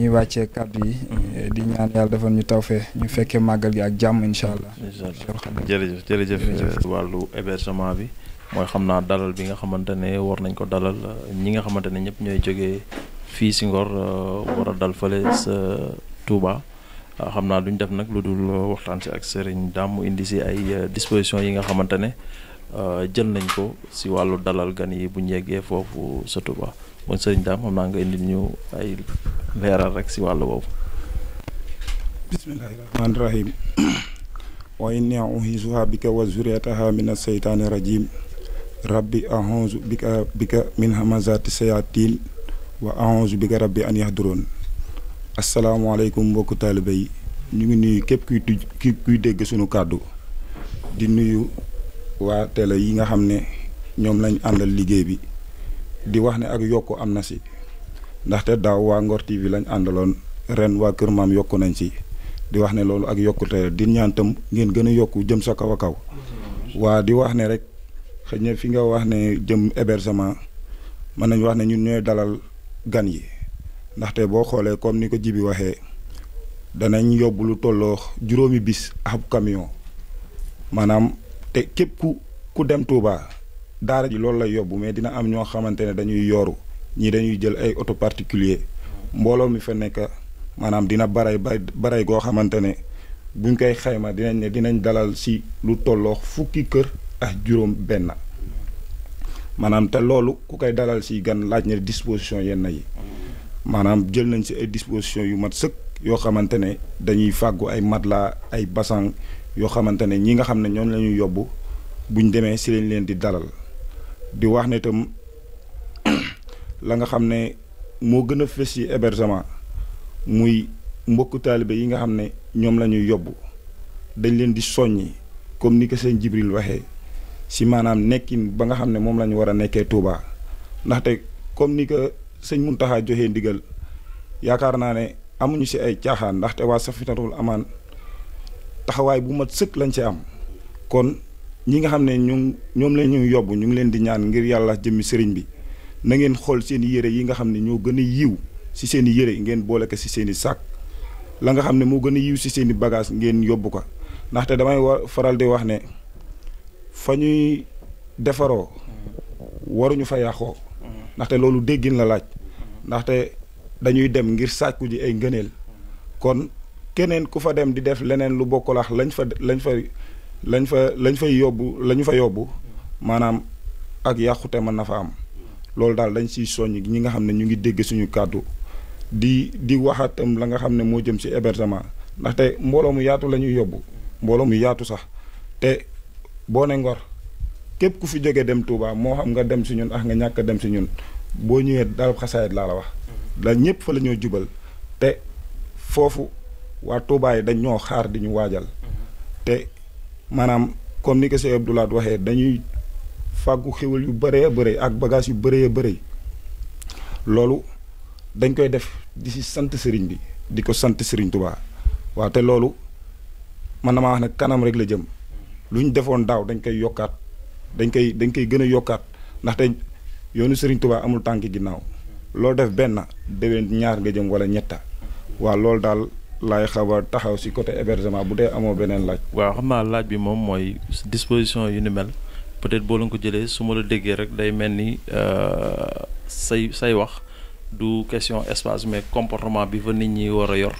ñuy wàccee kàddu yi. Eh, di ñaan yàlla defal ñu tawfee ñu fekkee màggal gi ak jàmm incha allah. incha allah jërëjëf jërëjëf eh, wàllu hébergement bi. mooy xam naa dalal bi nga xamante ne war nañ ko dalal eh, ñi nga xamante ne ñëpp ñooy jóge fii si Ngor war a dal fële sa Touba ah, xam naa duñ def nag lu dul waxtaan si ak Serigne dàmm indi si ay dispositions yi nga xamante ne jël nañ ko si wàllu dalal gan yi bu ñu foofu sa Touba. mooy sëriñ daam xam naa nga indil ñu ay leeral rek si wàllu boobu bismillahi rahmaani rahim wa inni uhizuha bika wa zuriyataha min aseytaani rajim rabbi ahuzu bika bika min hamazati sayatin wa ahuzu bika rabbi an yahdurun asalaamaaleykum mbokku taalibe yi ñu ngi nuyu képp kuy dégg suñu kàddu di nuyu waa télé yi nga xam ne ñoom lañ àndal liggéey bi di wax ne ak yokku am na si ndaxte daaw waa Ngor TV lañ àndaloon ren waa Kër Maam yokku nañ si di wax ne loolu ak te di ñaan tam ngeen gën a yokku jëm sa kaw kaw waa di wax ne rek xëy na fi nga wax ne jëm hébergement mën nañ wax ne ñun ñooy dalal gan yi ndaxte boo xoolee comme ni ko jibi waxee danañ yóbbu lu tolloo juróomi bis ab camion maanaam te képp ku ku dem Touba. daara ji loolu la yóbbu mais dina am ñoo xamante ne dañuy yooru ñii dañuy jël ay auto particulier mbooloo mi fa nekk maanaam dina baray baray goo xamante ne buñ koy xayma dinañ ne dinañ dalal si lu tolloo fukki kër ak juróom benn maanaam te loolu ku koy dalal si gan laaj na disposition yenn yi maanaam jël nañ si ay disposition yu mat sëkk yoo xamante ne dañuy fàggu ay matelas ay basan yoo xamante ne ñi nga xam ne ñoom la ñuy yóbbu buñ demee si lañ leen di dalal di wax ne itam la nga xam ne moo gën a fës ci hébergement muy mbokku taalibe yi nga xam ne ñoom la ñuy yóbbu dañ leen di soññi comme ni ko seen Jibril waxee si maanaam nekki ba nga xam ne moom la ñu war a nekkee Touba ndaxte comme ni ko sëñ taxaa joxe ndigal yaakaar naa ne amuñu si ay caaxaan ndaxte waa Safinatul Amaan taxawaay bu mat sëkk lañ si am kon ñi nga xam ne ñu ñoom la ñu yóbbu ñu ngi leen di ñaan ngir yàlla jëmmi sëriñ bi nangeen ngeen xool seen yére yi nga xam ne ñoo gën a yiw si seen i yére ngeen boole ko si seeni i la nga xam ne moo gën a yiw si seen i bagage ngeen yóbbu ko ndaxte damay wa faral di wax ne fa ñuy defaroo waruñu fa yàqoo ndaxte loolu déggin la laaj ndaxte dañuy dem ngir sàkku ji ay ngëneel kon keneen ku fa dem di def leneen lu bokk ak lañ fa lañ fa lañ fa lañ fay yóbbu lañu fa yóbbu maanaam ak yàqute mën na fa am loolu daal dañ siy soññ ñi nga xam ne ñu ngi dégg suñu kàddu di di waxaatam la nga xam ne moo jëm si hébergement ndaxte mbooloo mu yaatu la ñuy yóbbu mbooloo mu yaatu sax te boo ne Ngor képp ku fi jóge dem Touba moo xam nga dem si ñun ak nga ñàkk dem si ñun boo ñëwee daal xasaayit laa la wax la ñëpp fa la ñoo jubal te foofu waa Touba yi dañ ñoo xaar di ñu waajal te maanaam comme ni ko Cheikh Abdou Lahad waxee dañuy fàggu xéwal yu bëree bëri ak bagage yu bëree bëri loolu dañ koy def di si sant sëriñ bi di ko sant sëriñ Touba waaw te loolu man damaa wax ne kanam rek la jëm lu ñu defoon daaw dañ koy yokkaat dañ koy dañ koy gën a yokkaat ndaxte yoonu sëriñ Touba amul tànk ginnaaw loolu def benn déwén ñaar nga jëm walla ñetta waaw loolu daal. laay xaw a taxaw si côté hébergement bu dee amoo beneen laaj. waaw xam naa laaj bi moom mooy disposition yu ni mel peut-être boo leen ko jëlee su ma la déggee rek day mel ni euh, say say wax du question espace mais comportement bi fa nit ñi war a yor.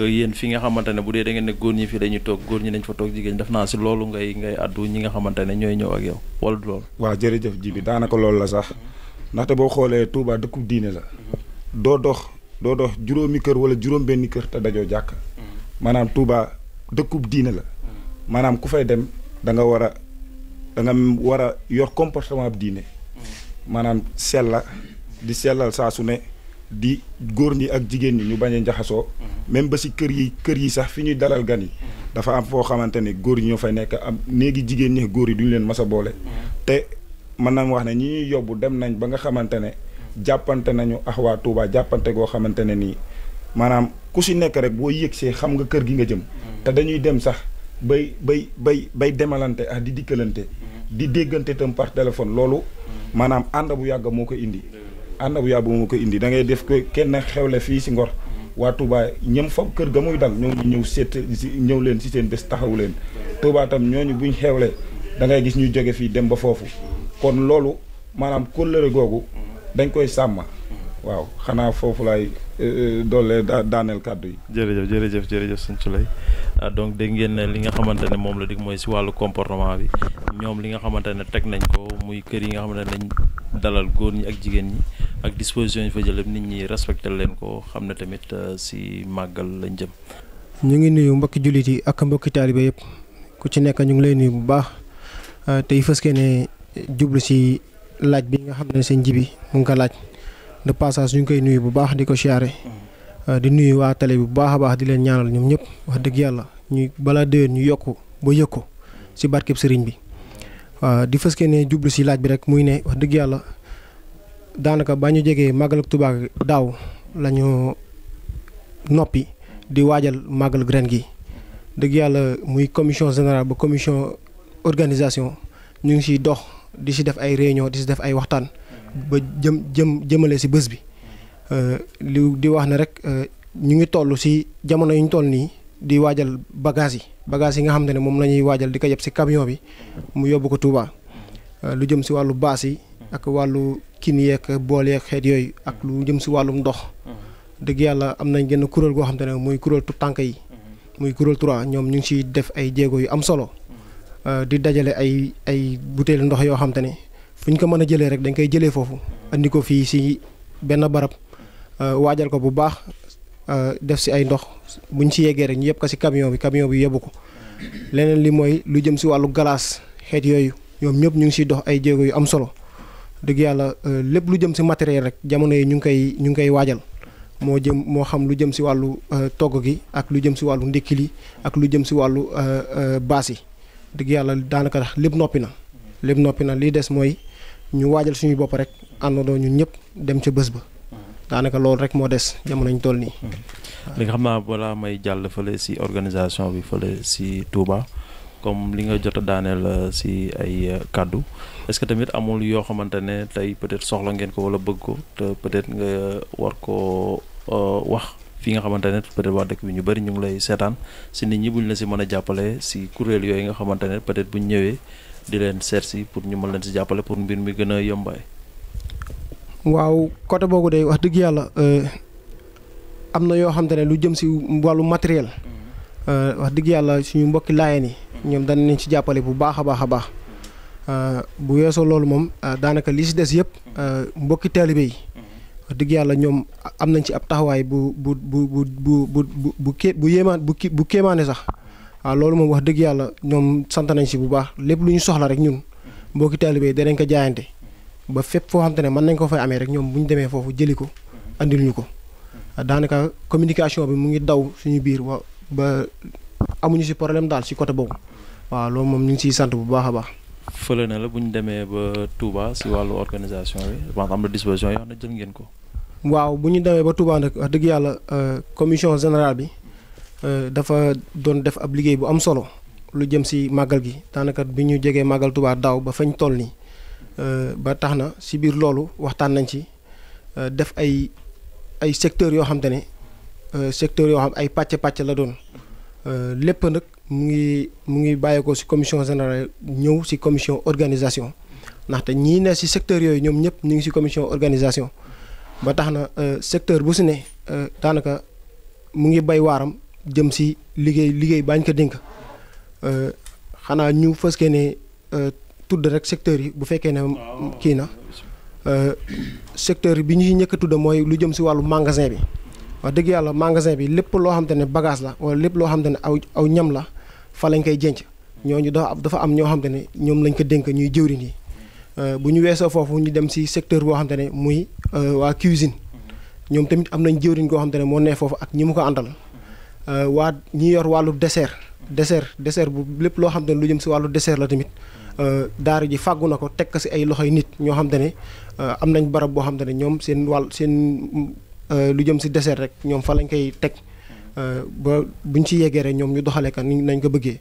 yéen fi nga xamante ne bu dee da ngeen ne góor ñi fii la toog góor ñi nañ fa toog jigéen def naa si loolu ngay ngay addu ñi nga xamante ne ñooy ñëw ak yow wala du waa waaw jërëjëf ji bi daanaka loolu la sax ndaxte boo xoolee Touba dëkkub diine la. doo dox doo dox juróomi kër wala juróom benni kër te dajoo jàkk mm-hmm. maanaam Touba dëkkub diine la mm-hmm. maanaam ku fay dem da nga war a da war a yor comportement ab diine mm-hmm. maanaam sella di sellal saa su ne di góor ñi ak jigéen ñi ñu bañ a njaxasoo même ba si kër yi kër yi sax fi ñuy dalal gan yi dafa am foo xamante ne góor yi ñoo fay nekk am néegi jigéen ñi góor yi duñu leen mas a boole te mën nañ wax ne ñi ñuy yóbbu dem nañ ba nga xamante ne jàppante nañu ak waa Touba jàppante goo xamante ne nii maanaam ku si nekk rek boo yëgsee xam nga kër gi nga jëm. Mm. te dañuy dem sax bay bay bay bay demalante ak di dikkalante. Mm. di déggante tam par téléphone loolu. Mm. maanaam ànd bu yàgg moo ko indi. ànd bu yàgg moo ko indi da ngay def ko kenn xewle fii si Ngor. waa Touba ñëm fa kër ga muy dal ñooñu ñëw seet ñëw leen si seen bés taxawu leen. Touba tam ñooñu buñ xewle da ngay gis ñu jóge fii dem ba foofu. kon loolu maanaam kóllëre googu. dañ koy sàmm. waaw xanaa foofu laay eh, eh, doole daaneel kàddu yi. jërëjëf jërëjëf jërëjëf sëñ Souley ah, donc dégg ngeen ne li nga xamante ne moom la dig mooy si wàllu comportement bi ñoom li nga xamante ne teg nañ ko muy kër yi nga xamante ne dañ dalal góor ñi ak jigéen ñi ak disposition yi fa jëlee nit ñi respecté leen ko xam ne tamit ah, si màggal lañ jëm. ñu ngi nuyu mbokki jullit yi ak mbokki taalibe yëpp ku ci nekk ñu ngi lay nuyu bu baax ah, tey fas yéene jublu si. laaj bi nga xam ne seen Jibi mu ngi ko laaj de passage ñu ngi koy nuyu bu baax di ko siyaare mm-hmm. uh, di nuyu waa télé bi bu baax a baax di leen ñaanal ñoom ñëpp wax dëgg yàlla ñu balaa déwén ñu yokk ba yëg ko si barkeb sëriñ bi waaw uh, di fëske ne jublu si laaj bi rek muy ne wax dëgg yàlla daanaka ba ñu jegee màggal ak daaw lañu noppi di waajal màggal ren gi dëgg yàlla muy commission général ba commission organisation ñu ngi siy dox di si def ay réunion di si def ay waxtaan ba jëm jëm jëmale si bés bi euh, li di wax ne rek euh, ñu ngi toll si jamono yu ñu toll nii di waajal bagage yi bagage yi nga xam ne moom la ñuy waajal di ko yeb si camion bi mu yóbbu ko Touba euh, lu jëm si wàllu baas yi ak wàllu kin yeeg bool yeeg xeet yooyu ak lu jëm si wàllum ndox dëgg yàlla am nañ genn kuréel goo xam ne muy kuréel tu tànk yi muy kuréel 3 ñoom ñu ngi siy def ay jéego yu am solo Euh, di dajale ay ay butéelu ndox yoo xam ne fu ñu ko mën a jële rek dañ koy jëlee foofu indi ko fii si benn barab euh, waajal ko bu baax euh, def si ay ndox buñ si yeggee rek ñu yëpp ko si camion bi camion bi yóbbu ko leneen li mooy lu jëm si wàllu galaas xeet yooyu ñoom ñëpp ñu ngi siy dox ay jéego yu am solo dëgg yàlla lépp lu jëm si matériel rek jamono yi ñu ngi koy ñu ngi koy waajal moo jëm moo xam lu jëm si wàllu togg gi ak lu jëm si wàllu ndékki li ak lu jëm si wàllu baas yi digg yàlla daanaka lépp noppi na. lépp noppi na li des mooy ñu waajal suñu bopp rek àndandoo ñun ñëpp dem ca bés ba. daanaka loolu rek moo des jamono ñu toll nii. li nga xam naa balaa may jàll fële si organisation bi fële si Touba comme li nga jot a daaneel euh, si ay euh, kàddu est-ce que tamit amul yoo xamante ne tey peut-être soxla ngeen ko walla bëgg ko te peut-être nga euh, war koo wax. fi nga xamantene peut être waa dëkk bi ñu bari ñu ngi lay seetaan si nit ñi buñ la si mëna jappalé jàppale si kuréel yooyu nga xamantene peut être buñ ñëwé di leen sersi pour ñu mëna leen si jappalé pour mbir mi gëna yombay yombaay waaw côté boobu day wax dëgg yalla euh amna yo xamantene lu jëm ci walu matériel mm-hmm. euh wax dëgg yalla suñu mbokki laay ni ñom dañ nañ ci jappalé bu baaxa baaxa baax euh bu weesoo lool mom euh, daanaka li ci dess yépp mm-hmm. euh mbokki talibé yi wax dëgg yàlla ñoom am nañ ci ab taxawaay bu bu bu bu bu bu bu bu yéemaan bu bu kéemaane sax waaw loolu moom wax dëgg yàlla ñoom sant nañ si bu baax lépp lu ñu soxla rek ñun mbokki taalibe danañ ko jaayante ba fépp foo xam te ne mën nañ ko fay amee rek ñoom bu ñu demee foofu jëli ko andil ñu ko daanaka communication bi mu ngi daw suñu biir wa ba amuñu si problème daal si côté boobu waaw moom ñu ngi siy sant bu baax a baax. fële na la bu demee ba Touba si wàllu organisation bi par exemple disposition yoo xam ne jël ngeen ko. waaw bu ñu demee ba Touba nag wax dëgg yàlla euh, commission générale bi euh, dafa doon def ab liggéey bu am solo lu jëm si màggal gi daanaka bi ñu jegee màggal Touba daaw ba fañ toll nii euh, ba tax na si biir loolu waxtaan nañ ci def ay ay secteurs yoo xam te ne secteurs yoo xam ay pàcc pàcc la doon lépp nag mu ngi mu ngi bàyyeekoo si commission générale ñëw si commission organisation ndaxte ñii ne si secteurs yooyu ñoom ñëpp ñu ngi si commission organisation. ba tax na euh, secteur bu si ne euh, daanaka mu ngi bay waaram jëm si liggéey liggéey bañ ko dénk euh, xanaa ñu fës kee ne tudd rek secteurs yi bu fekkee ne kii na secteur bi ñuy ñëkk a tudd mooy lu jëm si wàllu magasin bi waa dëgg yàlla magasin bi lépp loo xamante ne bagage la wala lépp loo xamante ne aw aw ñam la fa lañ koy jenc ñooñu dafa am ñoo xamante ne ñoom lañ ko dénk ñuy jëwriñ yi bu ñu weesoo foofu ñu dem si secteur boo xamante ne muy Euh, waa cuisine ñoom tamit am nañ jëwriñ koo xam te ne moo nee foofu ak ñi mu ko àndal euh, waa ñi yor wàllu dessert dessert dessert bu lépp loo xam ne lu jëm si wàllu dessert la tamit euh, daara ji fàggu na ko teg si ay loxoy nit ñoo xam ne am nañ barab boo xam ne ñoom seen wàll seen lu jëm si dessert rek ñoom fa lañ koy teg ba buñ ci yeggee ñoom ñu doxalee ko nañ ko bëggee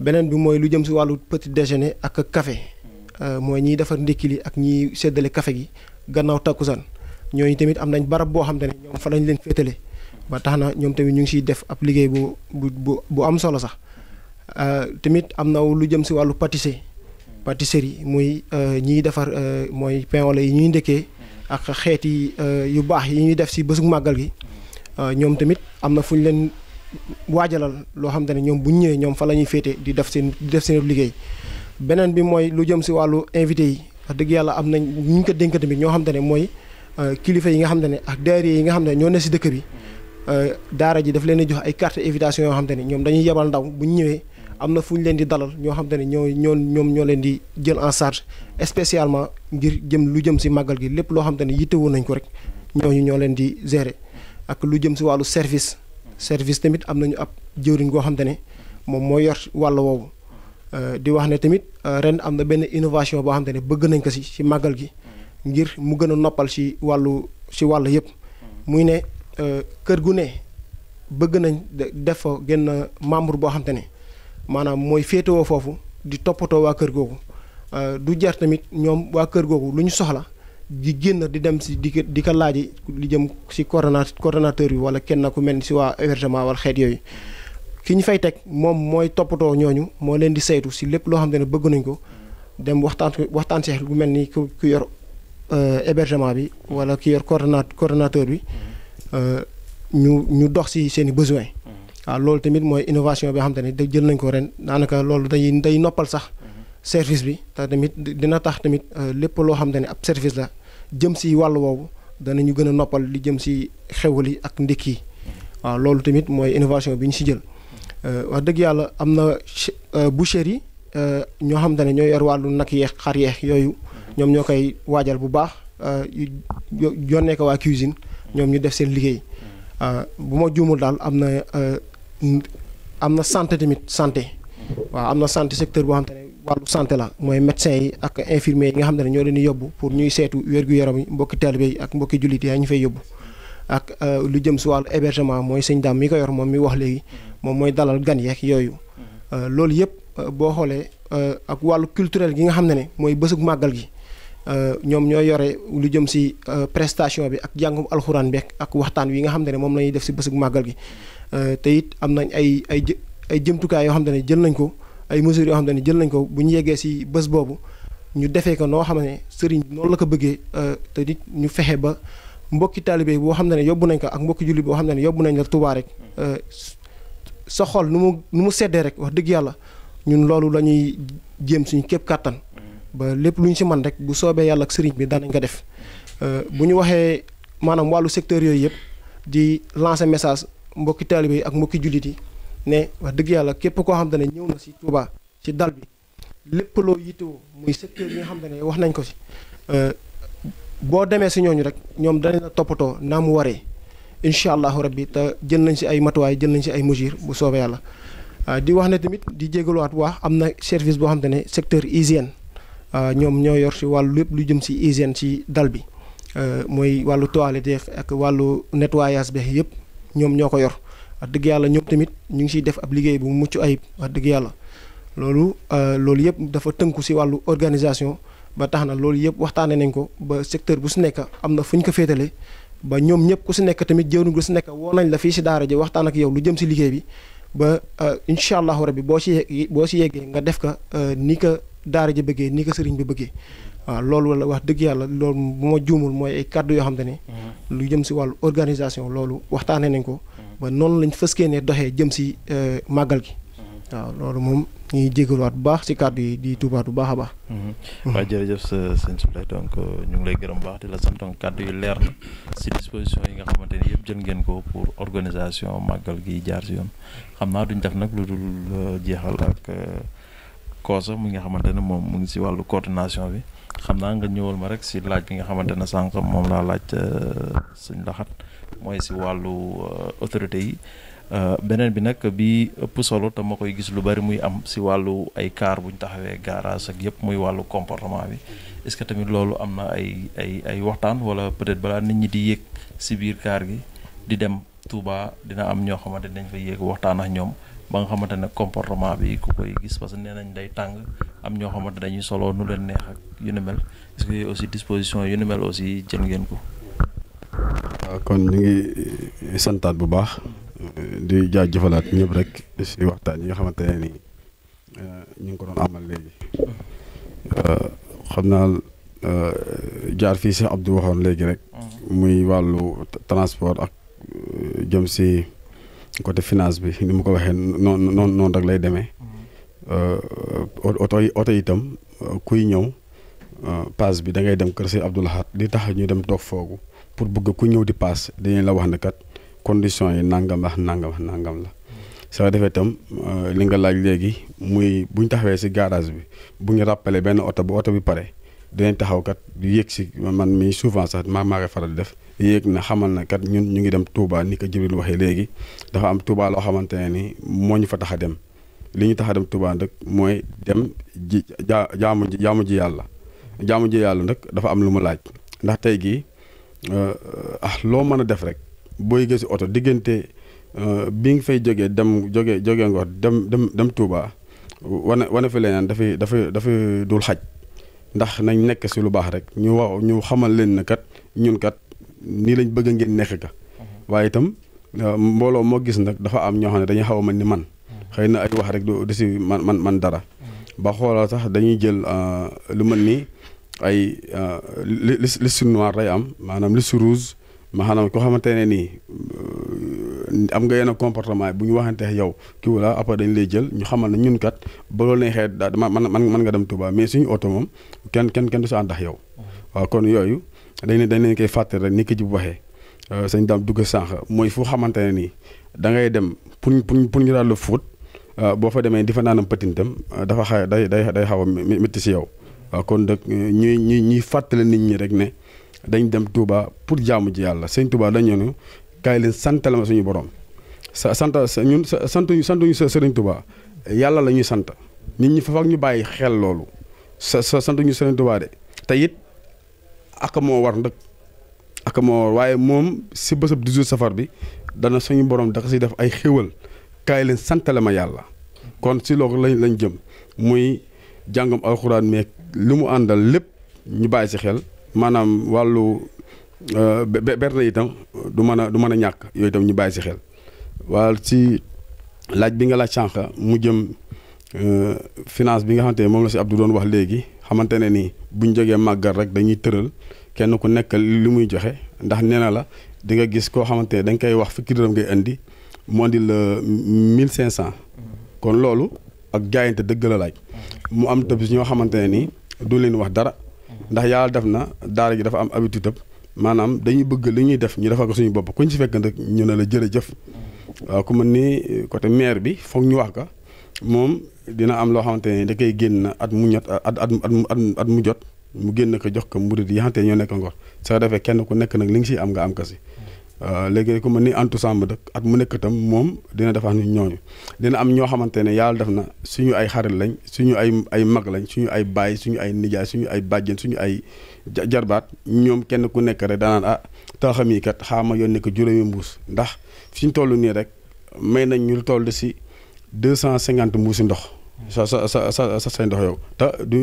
beneen bi mooy lu jëm si wàllu petit déjeuner ak café mooy ñiy defar ndékki li ak ñiy séddale kafe gi gannaaw takkusaan ñooñu tamit am nañ barab boo xam ne ñoom fa lañ leen féetale ba tax na ñoom tamit ñu ngi siy def ab liggéey bu bu bu am solo sax euh, tamit am na lu jëm si wàllu pâtisserie pâtisserie muy euh, ñiy defar euh, mooy pain au yi ñuy ndëkkee ak xeet yi yu baax yi ñuy def si bésug màggal gi ñoom tamit am na fu ñu leen waajalal loo xam te ne ñoom bu ñu ñëwee ñoom fa la ñuy féete di def seen di def seen liggéey beneen bi mooy lu jëm si wàllu invité yi wax dëgg yàlla am nañ ñu ngi ko dénk tamit ñoo xam ne mooy euh, kilifa yi nga xam te ne ak daara yi nga xam ne ñoo ne si dëkk bi euh, daara ji daf leen di jox ay carte invitation yoo xam te ne ñoom dañuy yebal ndaw bu ñu ñëwee am na fu ñu leen di dalal ñoo xam ne ñoo ñoo ñoom ñoo leen di jël en charge spécialement ngir jëm lu jëm si màggal gi lépp loo xam te ne yittewoo nañ ko rek ñu ñoo leen di gérer ak lu jëm si wàllu service service tamit am nañu ab jëwriñ goo xam ne moom moo yor wàll woowu Euh, di wax ne tamit euh, ren am na benn innovation boo xam ne bëgg nañ ko si si màggal gi mm-hmm. ngir mu gën a noppal si wàllu si wàll yëpp mm-hmm. muy ne euh, kër gu ne bëgg nañ def fa genn membre boo xam ne maanaam mooy féetewoo foofu di toppatoo waa kër googu du jar tamit ñoom waa kër googu lu ñu soxla di génn di dem si di ko di ko laaji li jëm si coordonnateur coordonnateur yi wala kenn ku mel ni si waa hébergement wala xeet yooyu mm-hmm. ki ñu fay teg moom mooy toppatoo ñooñu moo leen di saytu si lépp loo xam ne bëgg nañ ko dem waxtaan waxtaan seex lu mel ni ku ku yor euh, hébergement bi wala ki yor coordonna coordonnateur bi euh, ñu ñu dox si seen i besoin waaw loolu tamit mooy innovation bi xam te ne da jël nañ ko ren daanaka loolu day day noppal sax service bi te tamit dina tax tamit euh, lépp loo xam te ne ab service la jëm si wàll woowu danañu gën a noppal li jëm si xewal yi ak ndékk yi waaw loolu tamit mooy innovation bi ñu si jël Euh, wax dëgg yàlla am na euh, boucherie yi euh, ñoo xam ne ñoo yor wàllu nag yeex xar yeex yooyu mhm. ñoom ñoo koy waajal bu baax yónnee ko waa cuisine mhm. ñoom ñu def seen liggéey mhm. bu ma jumul daal am na am na santé tamit santé waa am na santé secteur boo xam ne wàllu santé la mooy médecin yi ak infirmier yi nga xam te ne ñoo leen di yóbbu pour ñuy seetu wér-gu-yaram yi mbokki taalibe yi ak mbokki jullit yi ñu fay yóbbu ak lu jëm si wàllu hébergement mooy sëñ daam mi ko yor moom mi wax léegi moom mooy dalal gan yeeg yooyu. Mm-hmm. Euh, loolu yëpp euh, boo xoolee euh, ak wàllu culturel gi nga xam ne ne mooy bësug màggal gi ñoom ñoo yore lu jëm si prestation bi ak jàngum alxuraan beeg ak waxtaan wi nga xam ne ne moom lañuy def si bësug màggal gi mm-hmm. te it am nañ ay ay ay jëmtukaay yoo xam ne jël nañ ko ay mesures yoo xam ne jël nañ ko bu ñu yeggee si bës boobu ñu defee ko noo xam ne sëriñ noonu la ko bëggee te it ñu fexe ba mbokki taalibe boo xam ne ne yóbbu nañ ko ak mbokki julli boo xam ne ne yóbbu nañ la Tuubaa rek mm-hmm. sa xol nu mu nu mu seddee rek wax dëgg yàlla ñun loolu la ñuy jéem suñu képp kàttan ba lépp lu ñu si man rek bu soobee yàlla ak sëriñ bi danañ ko def euh, bu ñu waxee maanaam wàllu secteur yooyu yëpp di lancer message mbokki taalibe yi ak mbokki jullit yi ne wax dëgg yàlla képp koo xam ne ñëw na si Touba ci dal bi lépp loo yittewoo muy secteur yi nga xam ne wax nañ ko si euh, boo demee si ñooñu rek ñoom danañ la toppatoo naa mu waree incha allahu rabbi te jën nañ si ay matuwaay jël nañ si ay mesures bu soobee yàlla ah, di wax ne tamit di jégaluwaat bu baax am na service boo xam ne secteur hygiène ah, ñoom ñoo yor si wàllu lépp lu jëm si hygiène si dal bi ah, mooy wàllu toilette ak wàllu nettoyage bi yëpp ñoom ñoo ko yor wax dëgg yàlla ñoom tamit ñu ngi siy def ab liggéey bu mucc ayib wax dëgg yàlla loolu loolu yëpp dafa tënku si wàllu organisation ba tax na loolu yëpp waxtaanee nañ ko ba secteur bu si nekk am na fu ñu ko féetalee ba ñoom ñëpp ku si nekk tamit jëwriñ gu si nekk woo nañ la fii si daara ji waxtaan ak yow lu jëm si liggéey bi ba euh, incha allahu rabbi boo si boo si yeggee nga def ko euh, ni ko daara ji bëggee ni ko sëriñ bi bëggee waaw loolu la wax dëgg yàlla loolu bu ma juumul mooy ay kàddu yoo xam te ne. Mm-hmm. lu jëm si wàllu organisation loolu waxtaanee nañ ko. Mm-hmm. ba noonu lañ fëskee ne doxee jëm si euh, màggal gi. Mm-hmm. waaw loolu moom. ñuy jégaluwaat bu baax ci kàddu di tuubaat bu baax a baax. waaw jërëjëf sëñ Souleye donc ñu ngi lay gërëm baax di la sant donc kàddu yi leer na si disposition yi nga xamante ni yëpp jël ngeen ko pour organisation màggal gi jaar si yoon xam naa duñ def nag lu dul jeexal eh, ak koosa mi nga xamante ne moom mu ngi si wàllu coordination bi xam naa nga ñëwal ma rek si laaj bi nga xamante ne sànq moom laa laaj sëñ laxat mooy si wàllu autorité yi. Euh, beneen bi nag bi ëpp solo te ma koy gis lu bari muy am si wàllu ay kaar bu ñu taxawee garage ak yëpp muy wàllu comportement bi est que tamit loolu am na ay ay ay waxtaan wala peut-être balaa nit ñi di yéeg si biir kaar gi di dem Touba dina am ñoo xamante dañ fa yéeg waxtaan ak ñoom ba nga xamante ne comportement bi ku koy gis parce que nee nañ day tàng am ñoo xamante dañuy solo nu leen neex ak yu ni mel est-ce que aussi disposition yu ni mel aussi jël ngeen ko. Ah, kon ñu ngi santaat bu baax. di jëfalaat ñëpp rek si waxtaan yi nga xamante ne nii euh, ñu ngi ko doon amal léegi euh, xam naa euh, jaar fii si Abdou waxoon léegi rek. Mm. muy wàllu transport ak jëm si côté finance bi ni mu ko waxee noonu noonu noonu rek lay demee. oto mm. yi oto itam kuy ñëw paas bi da ngay dem kër si Abdou Lahad li tax ñu dem toog foogu pour bëgg ku ñëw di paas dañuy la wax ne kat. condition yi nangam wax nangam wax nangam la soo defee itam euh, li nga laaj léegi muy bu ñu taxawee si garage bi bu ñu rappelé benn oto bu oto bi pare dinañ taxaw kat yéeg si man mi souvent sax maa maa faral def yéeg na xamal na kat ñun ñu ngi dem Touba ni ko Jibril waxee léegi dafa am Touba loo xamante ne ni moo ñu fa tax a dem li ñu tax a dem Touba nag mooy dem ji ja jaamu ji jaamu ji yàlla jaamu ji yàlla nag dafa am lu mu laaj ndax tey gii euh, ah loo mën a def rek. boo booy si oto diggante euh, bi nga fay jógee dem jóge jógee Ngor dem dem dem Touba wane wane fi leneen dafay dafay dafay dul xaj ndax nañ nekk si lu baax rek ñu waaw ñu xamal leen ne kat ñun kat nii lañ bëgg a ngeen nekk ka mhm. waaye itam euh, mbooloo moo gis nag dafa am ñoo xam ne dañuy xaw a mel ni man mhm. xëy na ay wax rek du si man man man dara mhm. ba xoolal sax dañuy jël euh, lu mën ni ay liste noire day am maanaam liste rouge maanaam koo xamante ne nii euh, am nga yenn comportement bu ñu waxante yow kii wala après dañ lay jël ñu xamal ne ñun kat ba loolu neexee daal man man man nga dem Touba mais suñu oto moom kenn kenn kenn du si ànd yow. kon yooyu dañ ne dañ leen koy fàttali rek ni ki ji waxee euh, sañ daam dugg sànq mooy fu xamante ne nii da ngay dem pour pour pour ñu daal la fóot euh, boo fa demee di fa naanam dem dafa xay day day day xaw a métti si yow. waaw kon nag ñuy ñuy ñuy fàttali nit ñi rek ne. dañ dem Touba pour jaamu ji yalla seigne Touba dañ ñu kay leen santal ma suñu borom sa sant ñun ñu santuñu sa seigne Touba yalla la ñuy sant nit ñi fa ñu bayyi xel lolu sa sa santuñu sëriñ Touba de tayit ak mo war nak ak mo war mom ci si du jour safar bi dana suñu borom da si def ay xewal kay leen santale ma yalla kon si loolu lañ lañ jëm muy jangam alxuraan meeg lumu andal lepp ñu bayyi ci xel. maanaam wàllu euh, berne itam du mën a du mën a ñàkk yooyu itam ñu bàyyi si xel waaye si laaj bi nga laaj sànq mu jëm euh, finance bi nga xamante ne moom la si Abdou doon wax léegi xamante ne ni buñ jógee màggal rek dañuy tëral kenn ku nekk li muy joxe ndax nee na la di nga gis koo xamante ne da koy wax fukki dërëm ngay indi mu indi la mille cinq cent kon loolu ak jaayante dëgg la laaj mu am tamit ñoo xamante ne ni du leen wax dara ndax yàlla def na daara ji dafa am habitude ab maanaam dañuy bëgg li ñuy def ñu defal ko suñu bopp kuñ si fekk nag ñu ne la jërëjëf waaw ku mën ni côté maire bi foog ñu wax ka moom dina am loo xamante ne da koy génn at mu ñot at at at mu jot mu génn ko jox ko murid yi xamante ñoo nekk ngor soo defee kenn ku nekk nag li nga siy am nga am ka si Euh, léegi ku mel ni Antou Samb dëkk at mu nekk itam moom dina defaat ni ñooñu dina am ñoo xamante ne yàlla def na suñu ay xarit lañ suñu ay ay mag lañ suñu ay baay suñu ay nijaay suñu ay bàjjen suñu ay jarbaat ñoom kenn ku nekk rek danaan ah taaxam yi kat xaama yoon nekk juróomi mbuus ndax su ñu toll nii rek may nañ ñu toll si deux cent cinquante mbuusi ndox. sa sa sa sa sa say ndox yow te du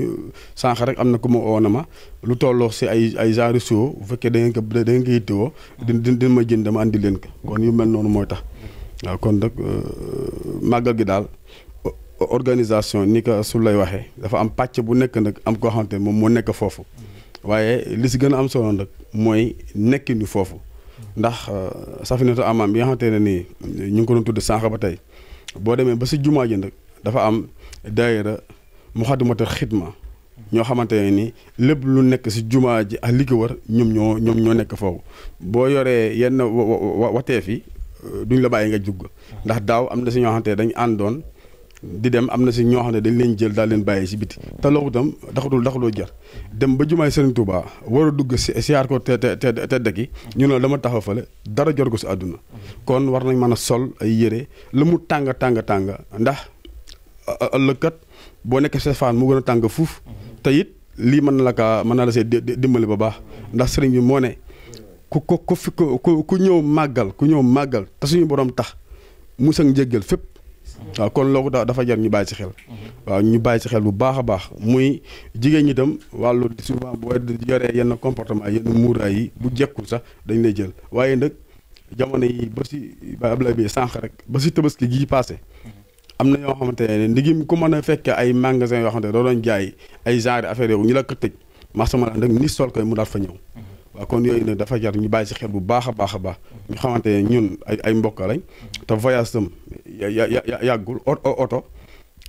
sànq rek am na ku ma oo na ma lu tolloo si ay ay genre suo bu fekkee da ngeen ko da ngeen ko yittewoo di di ma jënd dama andi leen ko kon yu mel noonu mooy tax waaw kon nag euh, màggal gi daal organisation ni ko su lay waxee dafa am pàcc bu nekk nag am koo xamante moom moo nekk foofu waaye li si gën a am solo nag mooy nekki ni foofu ndax euh, safinatu amaam bi nga xamante ne nii ñu ngi ko doon tudd sànq ba tey boo demee ba si jumaa ji nag dafa am daayira muxaddamatul xidma ñoo xamante ne ni lépp lu nekk si jumaa ji ak li ko wër ñoom ñoo ñoom ñoo nekk foofu boo yoree yenn wateef yi euh, duñ la bàyyi nga jugg ndax daaw am na si ñoo xamante ne dañ àndoon di dem am na si ñoo xam ne dañ leen jël daal leen bàyyi si biti te loolu itam daxatul daxaloo jar dem ba jumaay Serigne Touba war a dugg si siyaar ko te tedd gi ñu ne la dama taxaw fale dara jor ko si àdduna kon war nañ mën a sol ay yére lu mu tàng tàng tàng ndax ëllëg kat boo nekkee sa fan mu gën a tàng fuuf teyit lii mën na la kaa mën naa la see dimbali ba baax ndax sëriñ bi moo ne ku ku ku fi ku ku ñëw màggal ku ñëw màggal te suñu borom tax mu sën njéggal fépp waaw kon loolu dafa jar ñu bàyyi ci xel. waaw ñu bàyyi ci xel bu baax a baax muy jigéen ñi itam wàllu souvent boo yoree yenn comportement yenn muuraay yi bu jekkul sax dañ lay jël waaye nag jamono yi ba si Ablaye bi sànq rek ba si tabaski gii paase. am na ñoo xamante ne ndigim ku mën a fekke ay magasin yoo xamante ne doo doon jaay ay genre affaire yooyu ñu la ko tëj marsamalaan rek ni sol koy mu daal fa ñëw waaw kon yooyu nag dafa jar ñu bàyyi si xel bu baax a baax a baax ñu xamante ñun ay ay mbokk te voyage tam yàggul oto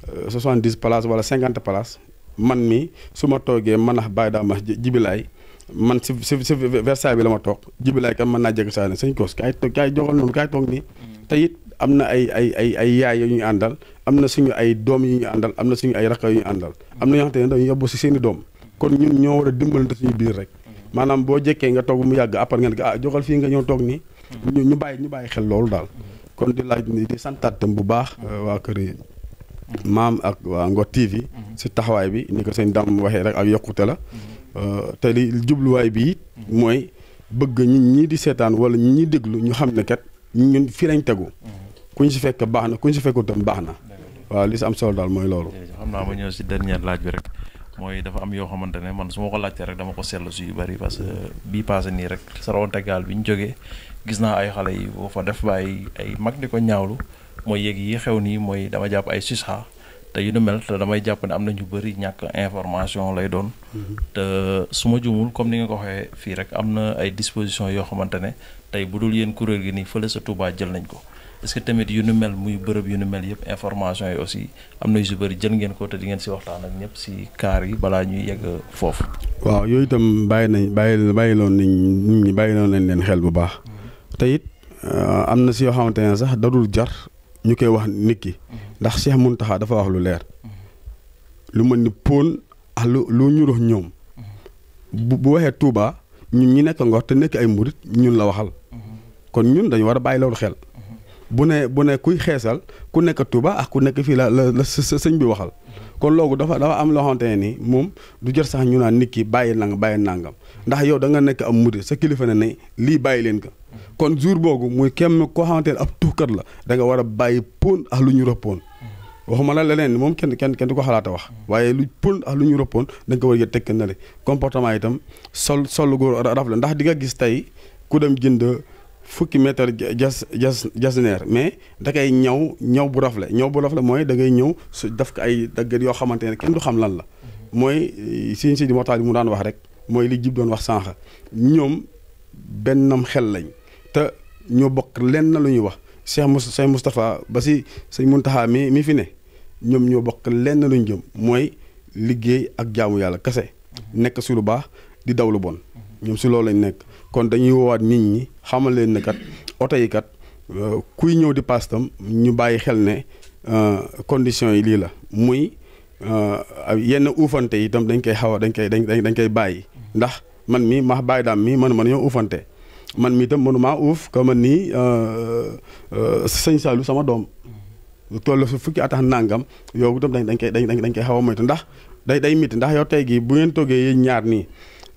euh, soixante dix place wala cinquante place man mi su ma toogee man a bàyyi daa ma jibilaay man si si si Versailles bi la ma toog jibilaay kam mën naa jege saa ne sëñ koos kaay kaay kaay toog nii am na ay ay ay ay yaay yu ñu àndal am na suñu ay doom yu ñu àndal am na suñu ay rakk yu ñu àndal am na ñoo xam te ne dañuy yóbbu si seen i doom kon ñun ñoo war a dimbalante suñu biir rek maanaam boo jekkee nga toog mu yàgg après ngeen ko ah joxal fii nga ñëw toog nii ñu ñu bàyyi ñu bàyyi xel loolu daal kon di laaj di santaat tam bu baax euh, waa kër yi maam ak waa Ngor TV si taxawaay bi ni ko sëñ Dame waxee rek ak yokkute la euh, te li jubluwaay bi it mooy bëgg ñun ñii di seetaan wala ñi ñuy déglu ñu xam ne kat ñun fii lañ tegu ku ñu si fekk baax na ku ñu si fekkul tam baax na waaw li am solo daal mooy loolu. xam naa ma ñëw si dernière laaj bi rek mooy dafa am yoo xamante ne man su ma ko laajtee rek dama ko seetlu si yu bëri parce que bii passé nii rek Sarawonteg gaal bi ñu jógee gis naa ay xale yi boo fa def ba ay mag di ko ñaawlu mooy yéeg yi xew nii mooy dama jàpp ay susxa te yu nu mel te damay jàpp ne am na ñu bëri ñàkk information lay doon. Mm-hmm. te su ma jumul comme ni nga ko waxee fii rek am na ay dispositions yoo xamante ne tey bu dul yéen kuréel gi nii fële sa Touba jël nañ ko. est-ce que tamit yu nu mel muy bërëb yu nu mel yëpp information yi aussi am na yu si bëri jël ngeen ko te di si waxtaan ak ñëpp si kaar yi balaa ñuy yegg foofu. waaw yooyu tam bàyyi nañ bàyyi bàyyi loon nañ nit ñi bàyyi loon leen xel bu baax. Mhm. te it euh, am na si yoo xamante ne sax dadul jar ñu koy wax nit ki. Mhm. ndax Cheikh Mountakha dafa wax lu leer. Mhm. lu mën ni pon ah lu lu ñu ñoom. bu waxee Touba ñun ñu nekk Ngor te nekk ay murit ñun la waxal. kon ñun dañu war a bàyyi loolu xel. bu ne bu ne kuy xeesal ku nekk Touba ak ku nekk fii la la la sëñ bi waxal kon loolu dafa dafa am loo xamante ne nii moom du jot sax ñu naan nit ki bàyyi nang bàyyi nangam ndax yow da nga nekk am murid sa kilifa ne ne lii bàyyi leen ko kon jour boobu muy kenn koo xamante ab tuukat la danga war a bàyyi pon ak lu ñu rëppoon waxuma la leneen moom kenn kenn kenn du ko xalaata wax waaye lu pon ak lu ñu rëppoon da ko war a tekk na le comportement itam sol sol góor raf la ndax di nga gis tey ku dem jënd fukki mètre jas jas jasneer mais da koy ñaw ñaw bu rafle ñaw bu rafle mooy da ngay ñëw su def ko ay daggat yoo xamante ne kenn du xam lan la mooy euh, sin si di moxtaar yi mu daan wax rek mooy li jib doon wax sànq ñoom bennam xel lañ te ñoo bokk lenn lu ñuy wax Cheikh Mous Cheikh Moustapha ba si sëñ Muntaxa mi mi fi ne ñoom ñoo bokk lenn lu ñu jëm mooy liggéey ak jaamu yàlla kese nekk si lu baax di daw lu bon ñoom si loolu lañ nekk kon dañuy woowaat nit ñi xamal leen ne kat oto yi kat euh, kuy ñëw di paas tam ñu bàyyi xel ne euh, conditions yi lii la muy euh, yenn uufante yi itam dañ koy xaw a dañ koy dañ dañ koy bàyyi ndax man mii ma bàyyi daam mii man man ñoo uufante man mi itam mënumaa uuf ka man nii sëñ Saliou sama doom toll su fukki atax nàngam yow itam dañ dañ koy dañ dañ koy xaw a moytu ndax day day mitt ndax yow tey gi bu ngeen toggee yéen ñaar nii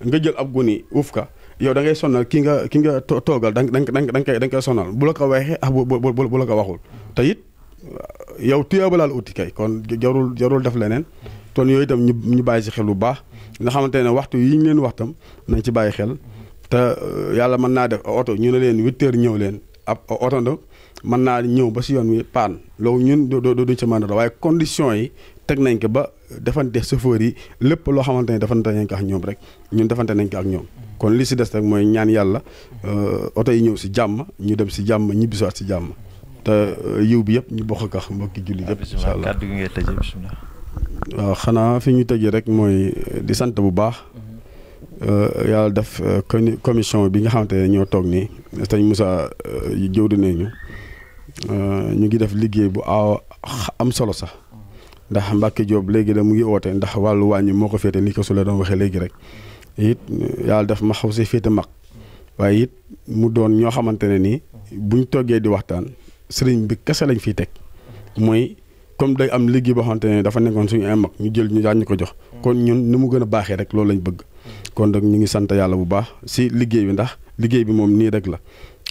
nga jël ab guni uuf ka yow da ngay sonal ki nga ki nga toogal da nga da nga koy da nga koy sonal bu la ko waxee ah bu bu bu la ko waxul te uh, yow tuyaaba laal uti kay kon jarul jarul def leneen ton yooyu itam ñu ñu bàyyi si xel baax nga xamante ne waxtu yi ñu leen wax tam nañ ci bàyyi xel te uh, yàlla mën naa def oto ñu ne leen huit heures ñëw leen ab oto mën naa ñëw ba si yoon wi paan loolu ñun du du duñ ci mën dara waaye condition yi teg nañ ko ba defante chauffeur yi lépp loo xamante ne defante nañ ko ak ñoom rek ñun defante nañ ko ak ñoom kon li si des rek mooy ñaan yàlla euh, oto yi ñëw si jàmm ñu dem si jàmm ñibbisiwaat si jàmm te euh, yiw bi yëpp ñu bokk ak mbokki jullit yëpp incha allah kàddu gi ngay tëjee waaw xanaa fi ñu tëjee rek mooy euh, di sant bu baax yàlla def commission bi nga xamante ne ñoo toog nii sëñ Moussa jëwdi nañu ñu ngi def liggéey bu aw am solo sax ndax Mbacke Diop léegi da mu ngi oote ndax wàllu wàññi moo ko féete ni ko su la doon waxee léegi rek it yàlla def ma xaw si féete mag waaye it mu doon ñoo xamante ne nii buñ toggee di waxtaan sëriñ bi kese lañ fiy teg mooy comme day am liggéey boo xamante ne dafa nekkoon suñu ay mag ñu jël ñu daan ñu ko jox. kon ñun ni mu gën a baaxee rek loolu lañ bëgg. kon nag ñu ngi sant yàlla bu baax si liggéey bi ndax liggéey bi moom nii rek la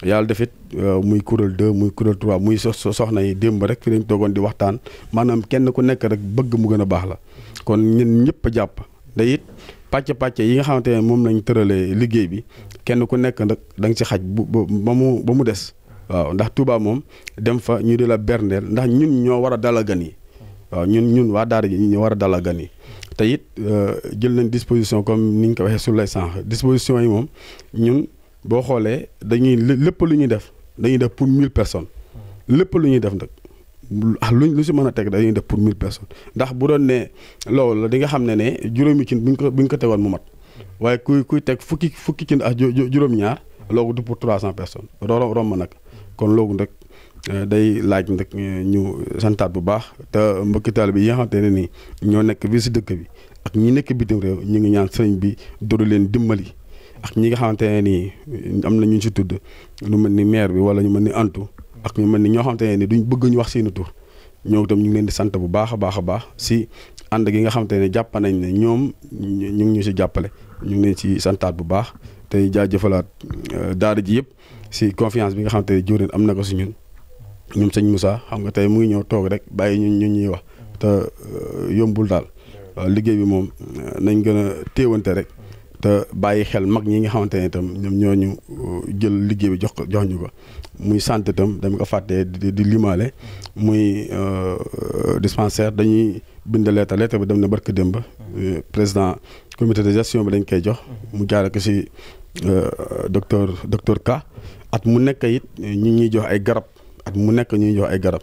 yàlla defit euh, muy kuréel 2 muy kuréel 3 muy soxna yi démb rek fi lañ toogoon di waxtaan maanaam kenn ku nekk rek bëgg mu gën a baax la kon ñun ñëpp a jàpp da it pàcc-pàcc yi nga xamante ne moom lañ tëralee liggéey bi kenn ku nekk nag da ci xaj bu ba mu ba mu des ndax Touba moom dem fa ñu di la berndeel ndax ñun ñoo war a dalal gan yi waaw ñun ñun waa daar ji ñu war a dalal gan yi te euh, jël nañ disposition comme ni ñu ko waxee su lay sànq disposition yi moom ñun bo xolé dañuy lepp lu ñuy def dañuy def pour 1000 personnes lepp lu ñuy def nak ah lu ci mëna a dañuy def pour 1000 personnes ndax bu doon ne loolu di nga xamné ne ne juróomi buñ ko buñ ko tegoon mu mat waye kuy kuy teg fukki fukki cin ak juróom-ñaar loogu du pour 300 personnes roo rom nak kon loogu nak euh, day laaj nak euh, ñu santaat bu baax te mbokki taalibe yi nga xamante ne nii ñoo nekk fii bi ak ñi nek bi bitim rew ñi ngi ñaan sëriñ bi do leen dimbali. ak ñi nga xamante ne nii am na ñu si tudd lu mel ni maire bi wala ñu mel ni antu ak ñu mel ni ñoo xamante ne nii duñ bëgg ñu wax seen tur ñoom tam ñu ngi leen di sant bu baax baax a baax si ànd gi nga xamante ne jàpp nañ ne ñoom ñu ñu si jàppale ñu ngi leen si santaat bu baax tey jaajëfalaat euh, daara ji yëpp si confiance bi nga xamante ne jóorin am na ko si ñun ñoom sañ Moussa xam nga tey mu ngi ñëw toog rek bàyyi ñu ñu ñuy wax te euh, yombul daal liggéey bi moom euh, nañ gën a téewante rek te bàyyi xel mag ñi nga xamante ne itam ñoom ñooñu uh, jël liggéey bi jox ko jox ñu ko muy santé itam dama ko fàttee di di limaale muy uh, dispensaire dañuy bind lettre lettre bi dem na barka démb uh, président commité de gestion bi dañ koy jox mu jaare ko si docteur docteur Ka at mu nekk it ñu ñuy jox ay garab at mu nekk ñu ñuy jox ay garab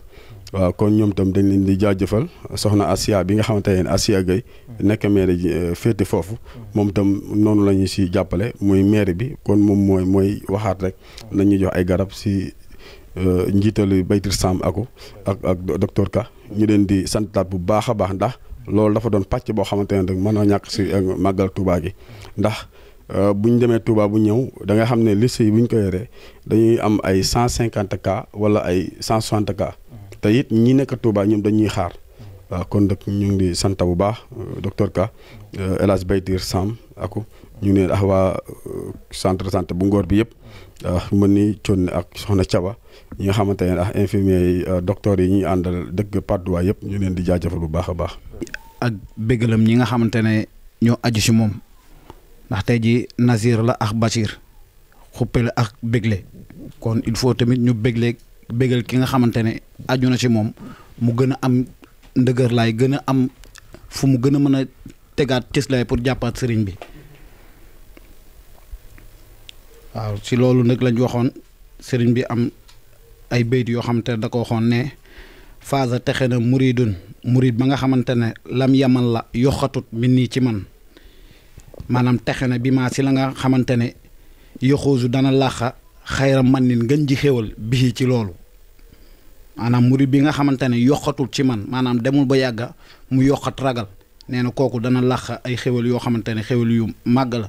waaw kon ñoom itam dañ leen di jaajëfal soxna Asia bi nga xamante ne Asia Gueye nekk maire ji euh, féete foofu moom itam noonu lañu ñu si jàppale muy maire bi kon moom mooy mooy waxaat rek nañu jox ay garab si euh, njiitalu Baytir Sam aku ak ak docteur Ka ñu leen di santaat bu baax a baax ndax loolu dafa doon pàcc boo xamante ne mën mënoo ñàkk si euh, màggal Touba gi ndax bu ñu demee Touba bu ñëw da nga xam ne liste yi bu ñu ko yoree dañuy am ay cent cinquante cas wala ay cent soixante cas tayit ñi nek Touba ñom dañuy xaar kon nak ñu ngi di sant bu baax euh, docteur Ka euh, elas baydir Sam aku ñu ne ahwa Santa euh, centre de santé bu Ngor bi yëpp ah, mën ni Thion ak Soxna ciaba ñi nga xamantene ah infirmier docteur yi ñi andal deug padwa yëpp ñu leen di jaajëfal bu baax baax. ak bégalam ñi nga xamantene ño aju ci mom ndax tay ji Nazir la ak Bachir xuppel ak begle, kon il faut tamit ñu begle bégal ki nga xamante ne aju na moom mu gën a am ndëgër laay gën a am fu mu gën a mën a tegaat cëslaay pour jàppaat sëriñ bi waaw ci loolu nag lañ waxoon sëriñ bi am ay bayt yoo xamante ne da ko waxoon ne faasa texe na muridun murid ba nga xamante ne lam yaman la yoxatut mi nii ci man maanaam texe na bi maa si la nga xamante ne yoxoosu dana làqa xayra man nin ngën ji xéwal ci loolu manam murid bi nga xamantene yokatul ci man manam demul ba yàgga mu yokat ragal neena koku dana làq ay xéwal yo xamantene xéwal yu màgg la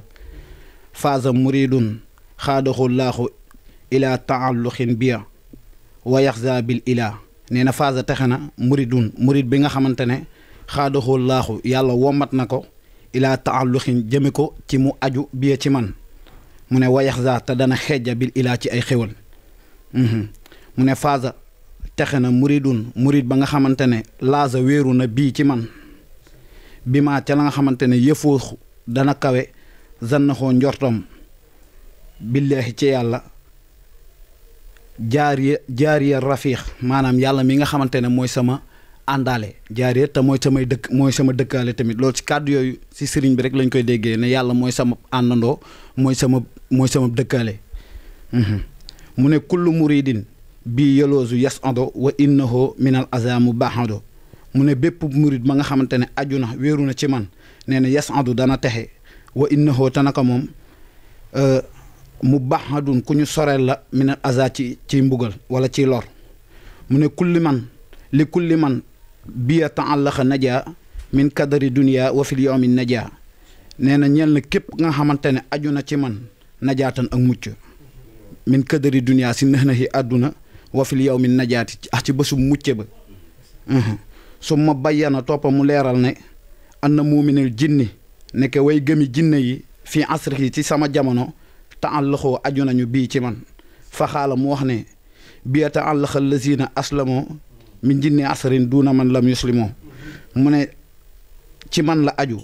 muridun khadahu allah ila taalluxin bi wa yakhza bil ila neena na faasa muridun murid bi nga xamantene khadahu allah yàlla womat nako ila ilaa jemiko ci mu aju bi ci man mune wa yakhza ta dana xejja bil ila ci ay xéwal mu ne faasa texe na muridun murid ba nga xamante ne laasa wéeru na bii ci man bi ma ca la nga xamante ne yëfoo dana kawe zannaxoo njortom billaahi ci yàlla jaariya jaariya rafiix maanaam yàlla mi nga xamante ne mooy sama àndaale jaariya te mooy samay dëkk mooy sama dëkkaale tamit loolu ci kàddu yooyu si sëriñ bi rek lañ koy déggee ne yàlla mooy sama àndandoo mooy sama mooy sama dëkkaale mhm. mu ne kullu muridin bii yoloosu yas ando wa innahu minal baax ado mu ne bépp murit ma nga xamante ne aju na wéeru na ci man nee na yas ando dana texe wa innahu tanaka moom euh, mu baax baaxadun ku ñu soreel la minal aza ci ci mbugal wala ci lor mu ne kulli man li kulli man biya taallaxa najaa min kadari dunia wa fil yawmi najaa nee na ñel na képp nga xamante ne aju na ci man najaatan ak mucc min kadari dunia si nëx na yi àdduna وفي اليوم النجاة أتي بسو مجيب ثم بيانا توبا مليرال ني أن مؤمن الجن نكا وي جمي جني في عصره تي سما جامانو تعلقو أجونا نيو بي تي من فخال موحني بي تعلق الذين أسلموا من جن عصرين دون من لم يسلموا من تي لا أجو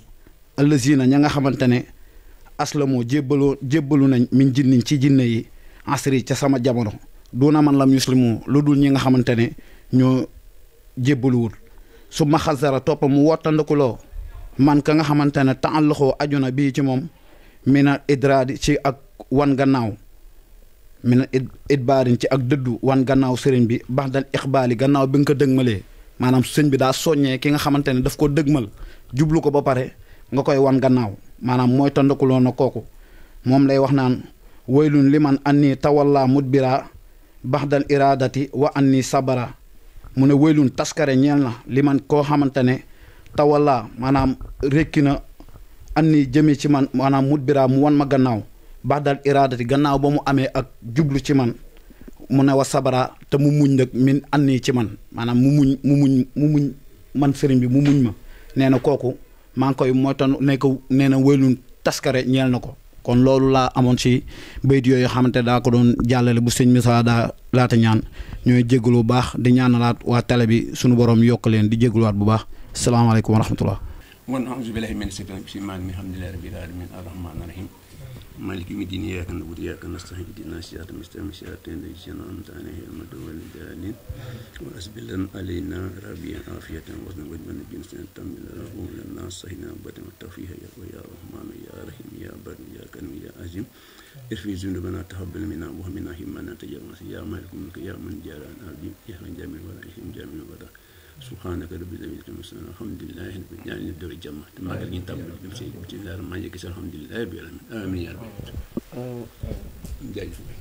الذين نيغا خمانتاني أسلموا جيبلو جيبلو من جن تي جني عصري تي سما جامانو duuna man lam yuslimu lu dul ñi nga xamante ne ñoo jébbaluwul su ma xasara topp mu wottandikuloo man ka nga xamante ne temps loxo aju na bii ci moom mina idraadi ci ak wan gannaaw mina idbaarin ci ak dëddu wan gannaaw sëriñ bi bax dal ixbaali gannaaw bi nga ko dëgmalee maanaam sëñ bi daa soññee ki nga xamante ne daf ko dëgmal jublu ko ba pare nga koy wan gannaaw maanaam mooy tandakuloo na kooku moom lay wax naan waylun liman anni tawalla bax dal iraadati wa anni sabara mu ne wëylun taskare ñeel na li man koo xamante ne tawalla maanaam rekki na anni jëme ci man maanaam mudbira mu wan ma gannaaw baxdal iraadati gannaaw ba mu amee ak jublu ci man mu ne wa sabara te mu muñ nag min anni ci man maanaam mu muñ mu muñ mu muñ man sëriñ bi mu muñ ma nee na kooku maa ngi koy mooy tan ne nee na wëylun taskare ñeel na ko kon loolu laa amoon ci bayit yooyu xamante daa ko doon jàllale bu sëñ Moussa daa laata ñaan ñooy jégalu bu baax di ñaanalaat waa tale bi sunu borom yokk leen di jégaluwaat bu baax salaamaaleykum wa rahmatullah. man auzu billahi mina shaytaani bismillahi alhamdulillahi rabbil alamin arrahmaani rahim مالك يوم الدين إياك نعبد إياك نستعين اهدنا الصراط تين صراط الذين أنعمت هي غير المضل وأسبل علينا ربي عافية وزن وجبا نبينا سنتم من الرحمن لنا صحينا وبدنا التوفيق يا يا رحمن يا رحيم يا بر يا كريم يا عظيم ارفع ذنوبنا تقبل منا وهمنا همنا تجمع يا مالك الملك يا من جارنا عظيم يا من جامع ولا يهم جامع ولا سبحانك رب العزة عما يصفون الحمد لله رب العالمين يعني الدرجة ما قال قلقين طب بسم الله الرحمن الرحيم الحمد لله رب العالمين آمين يا رب جاي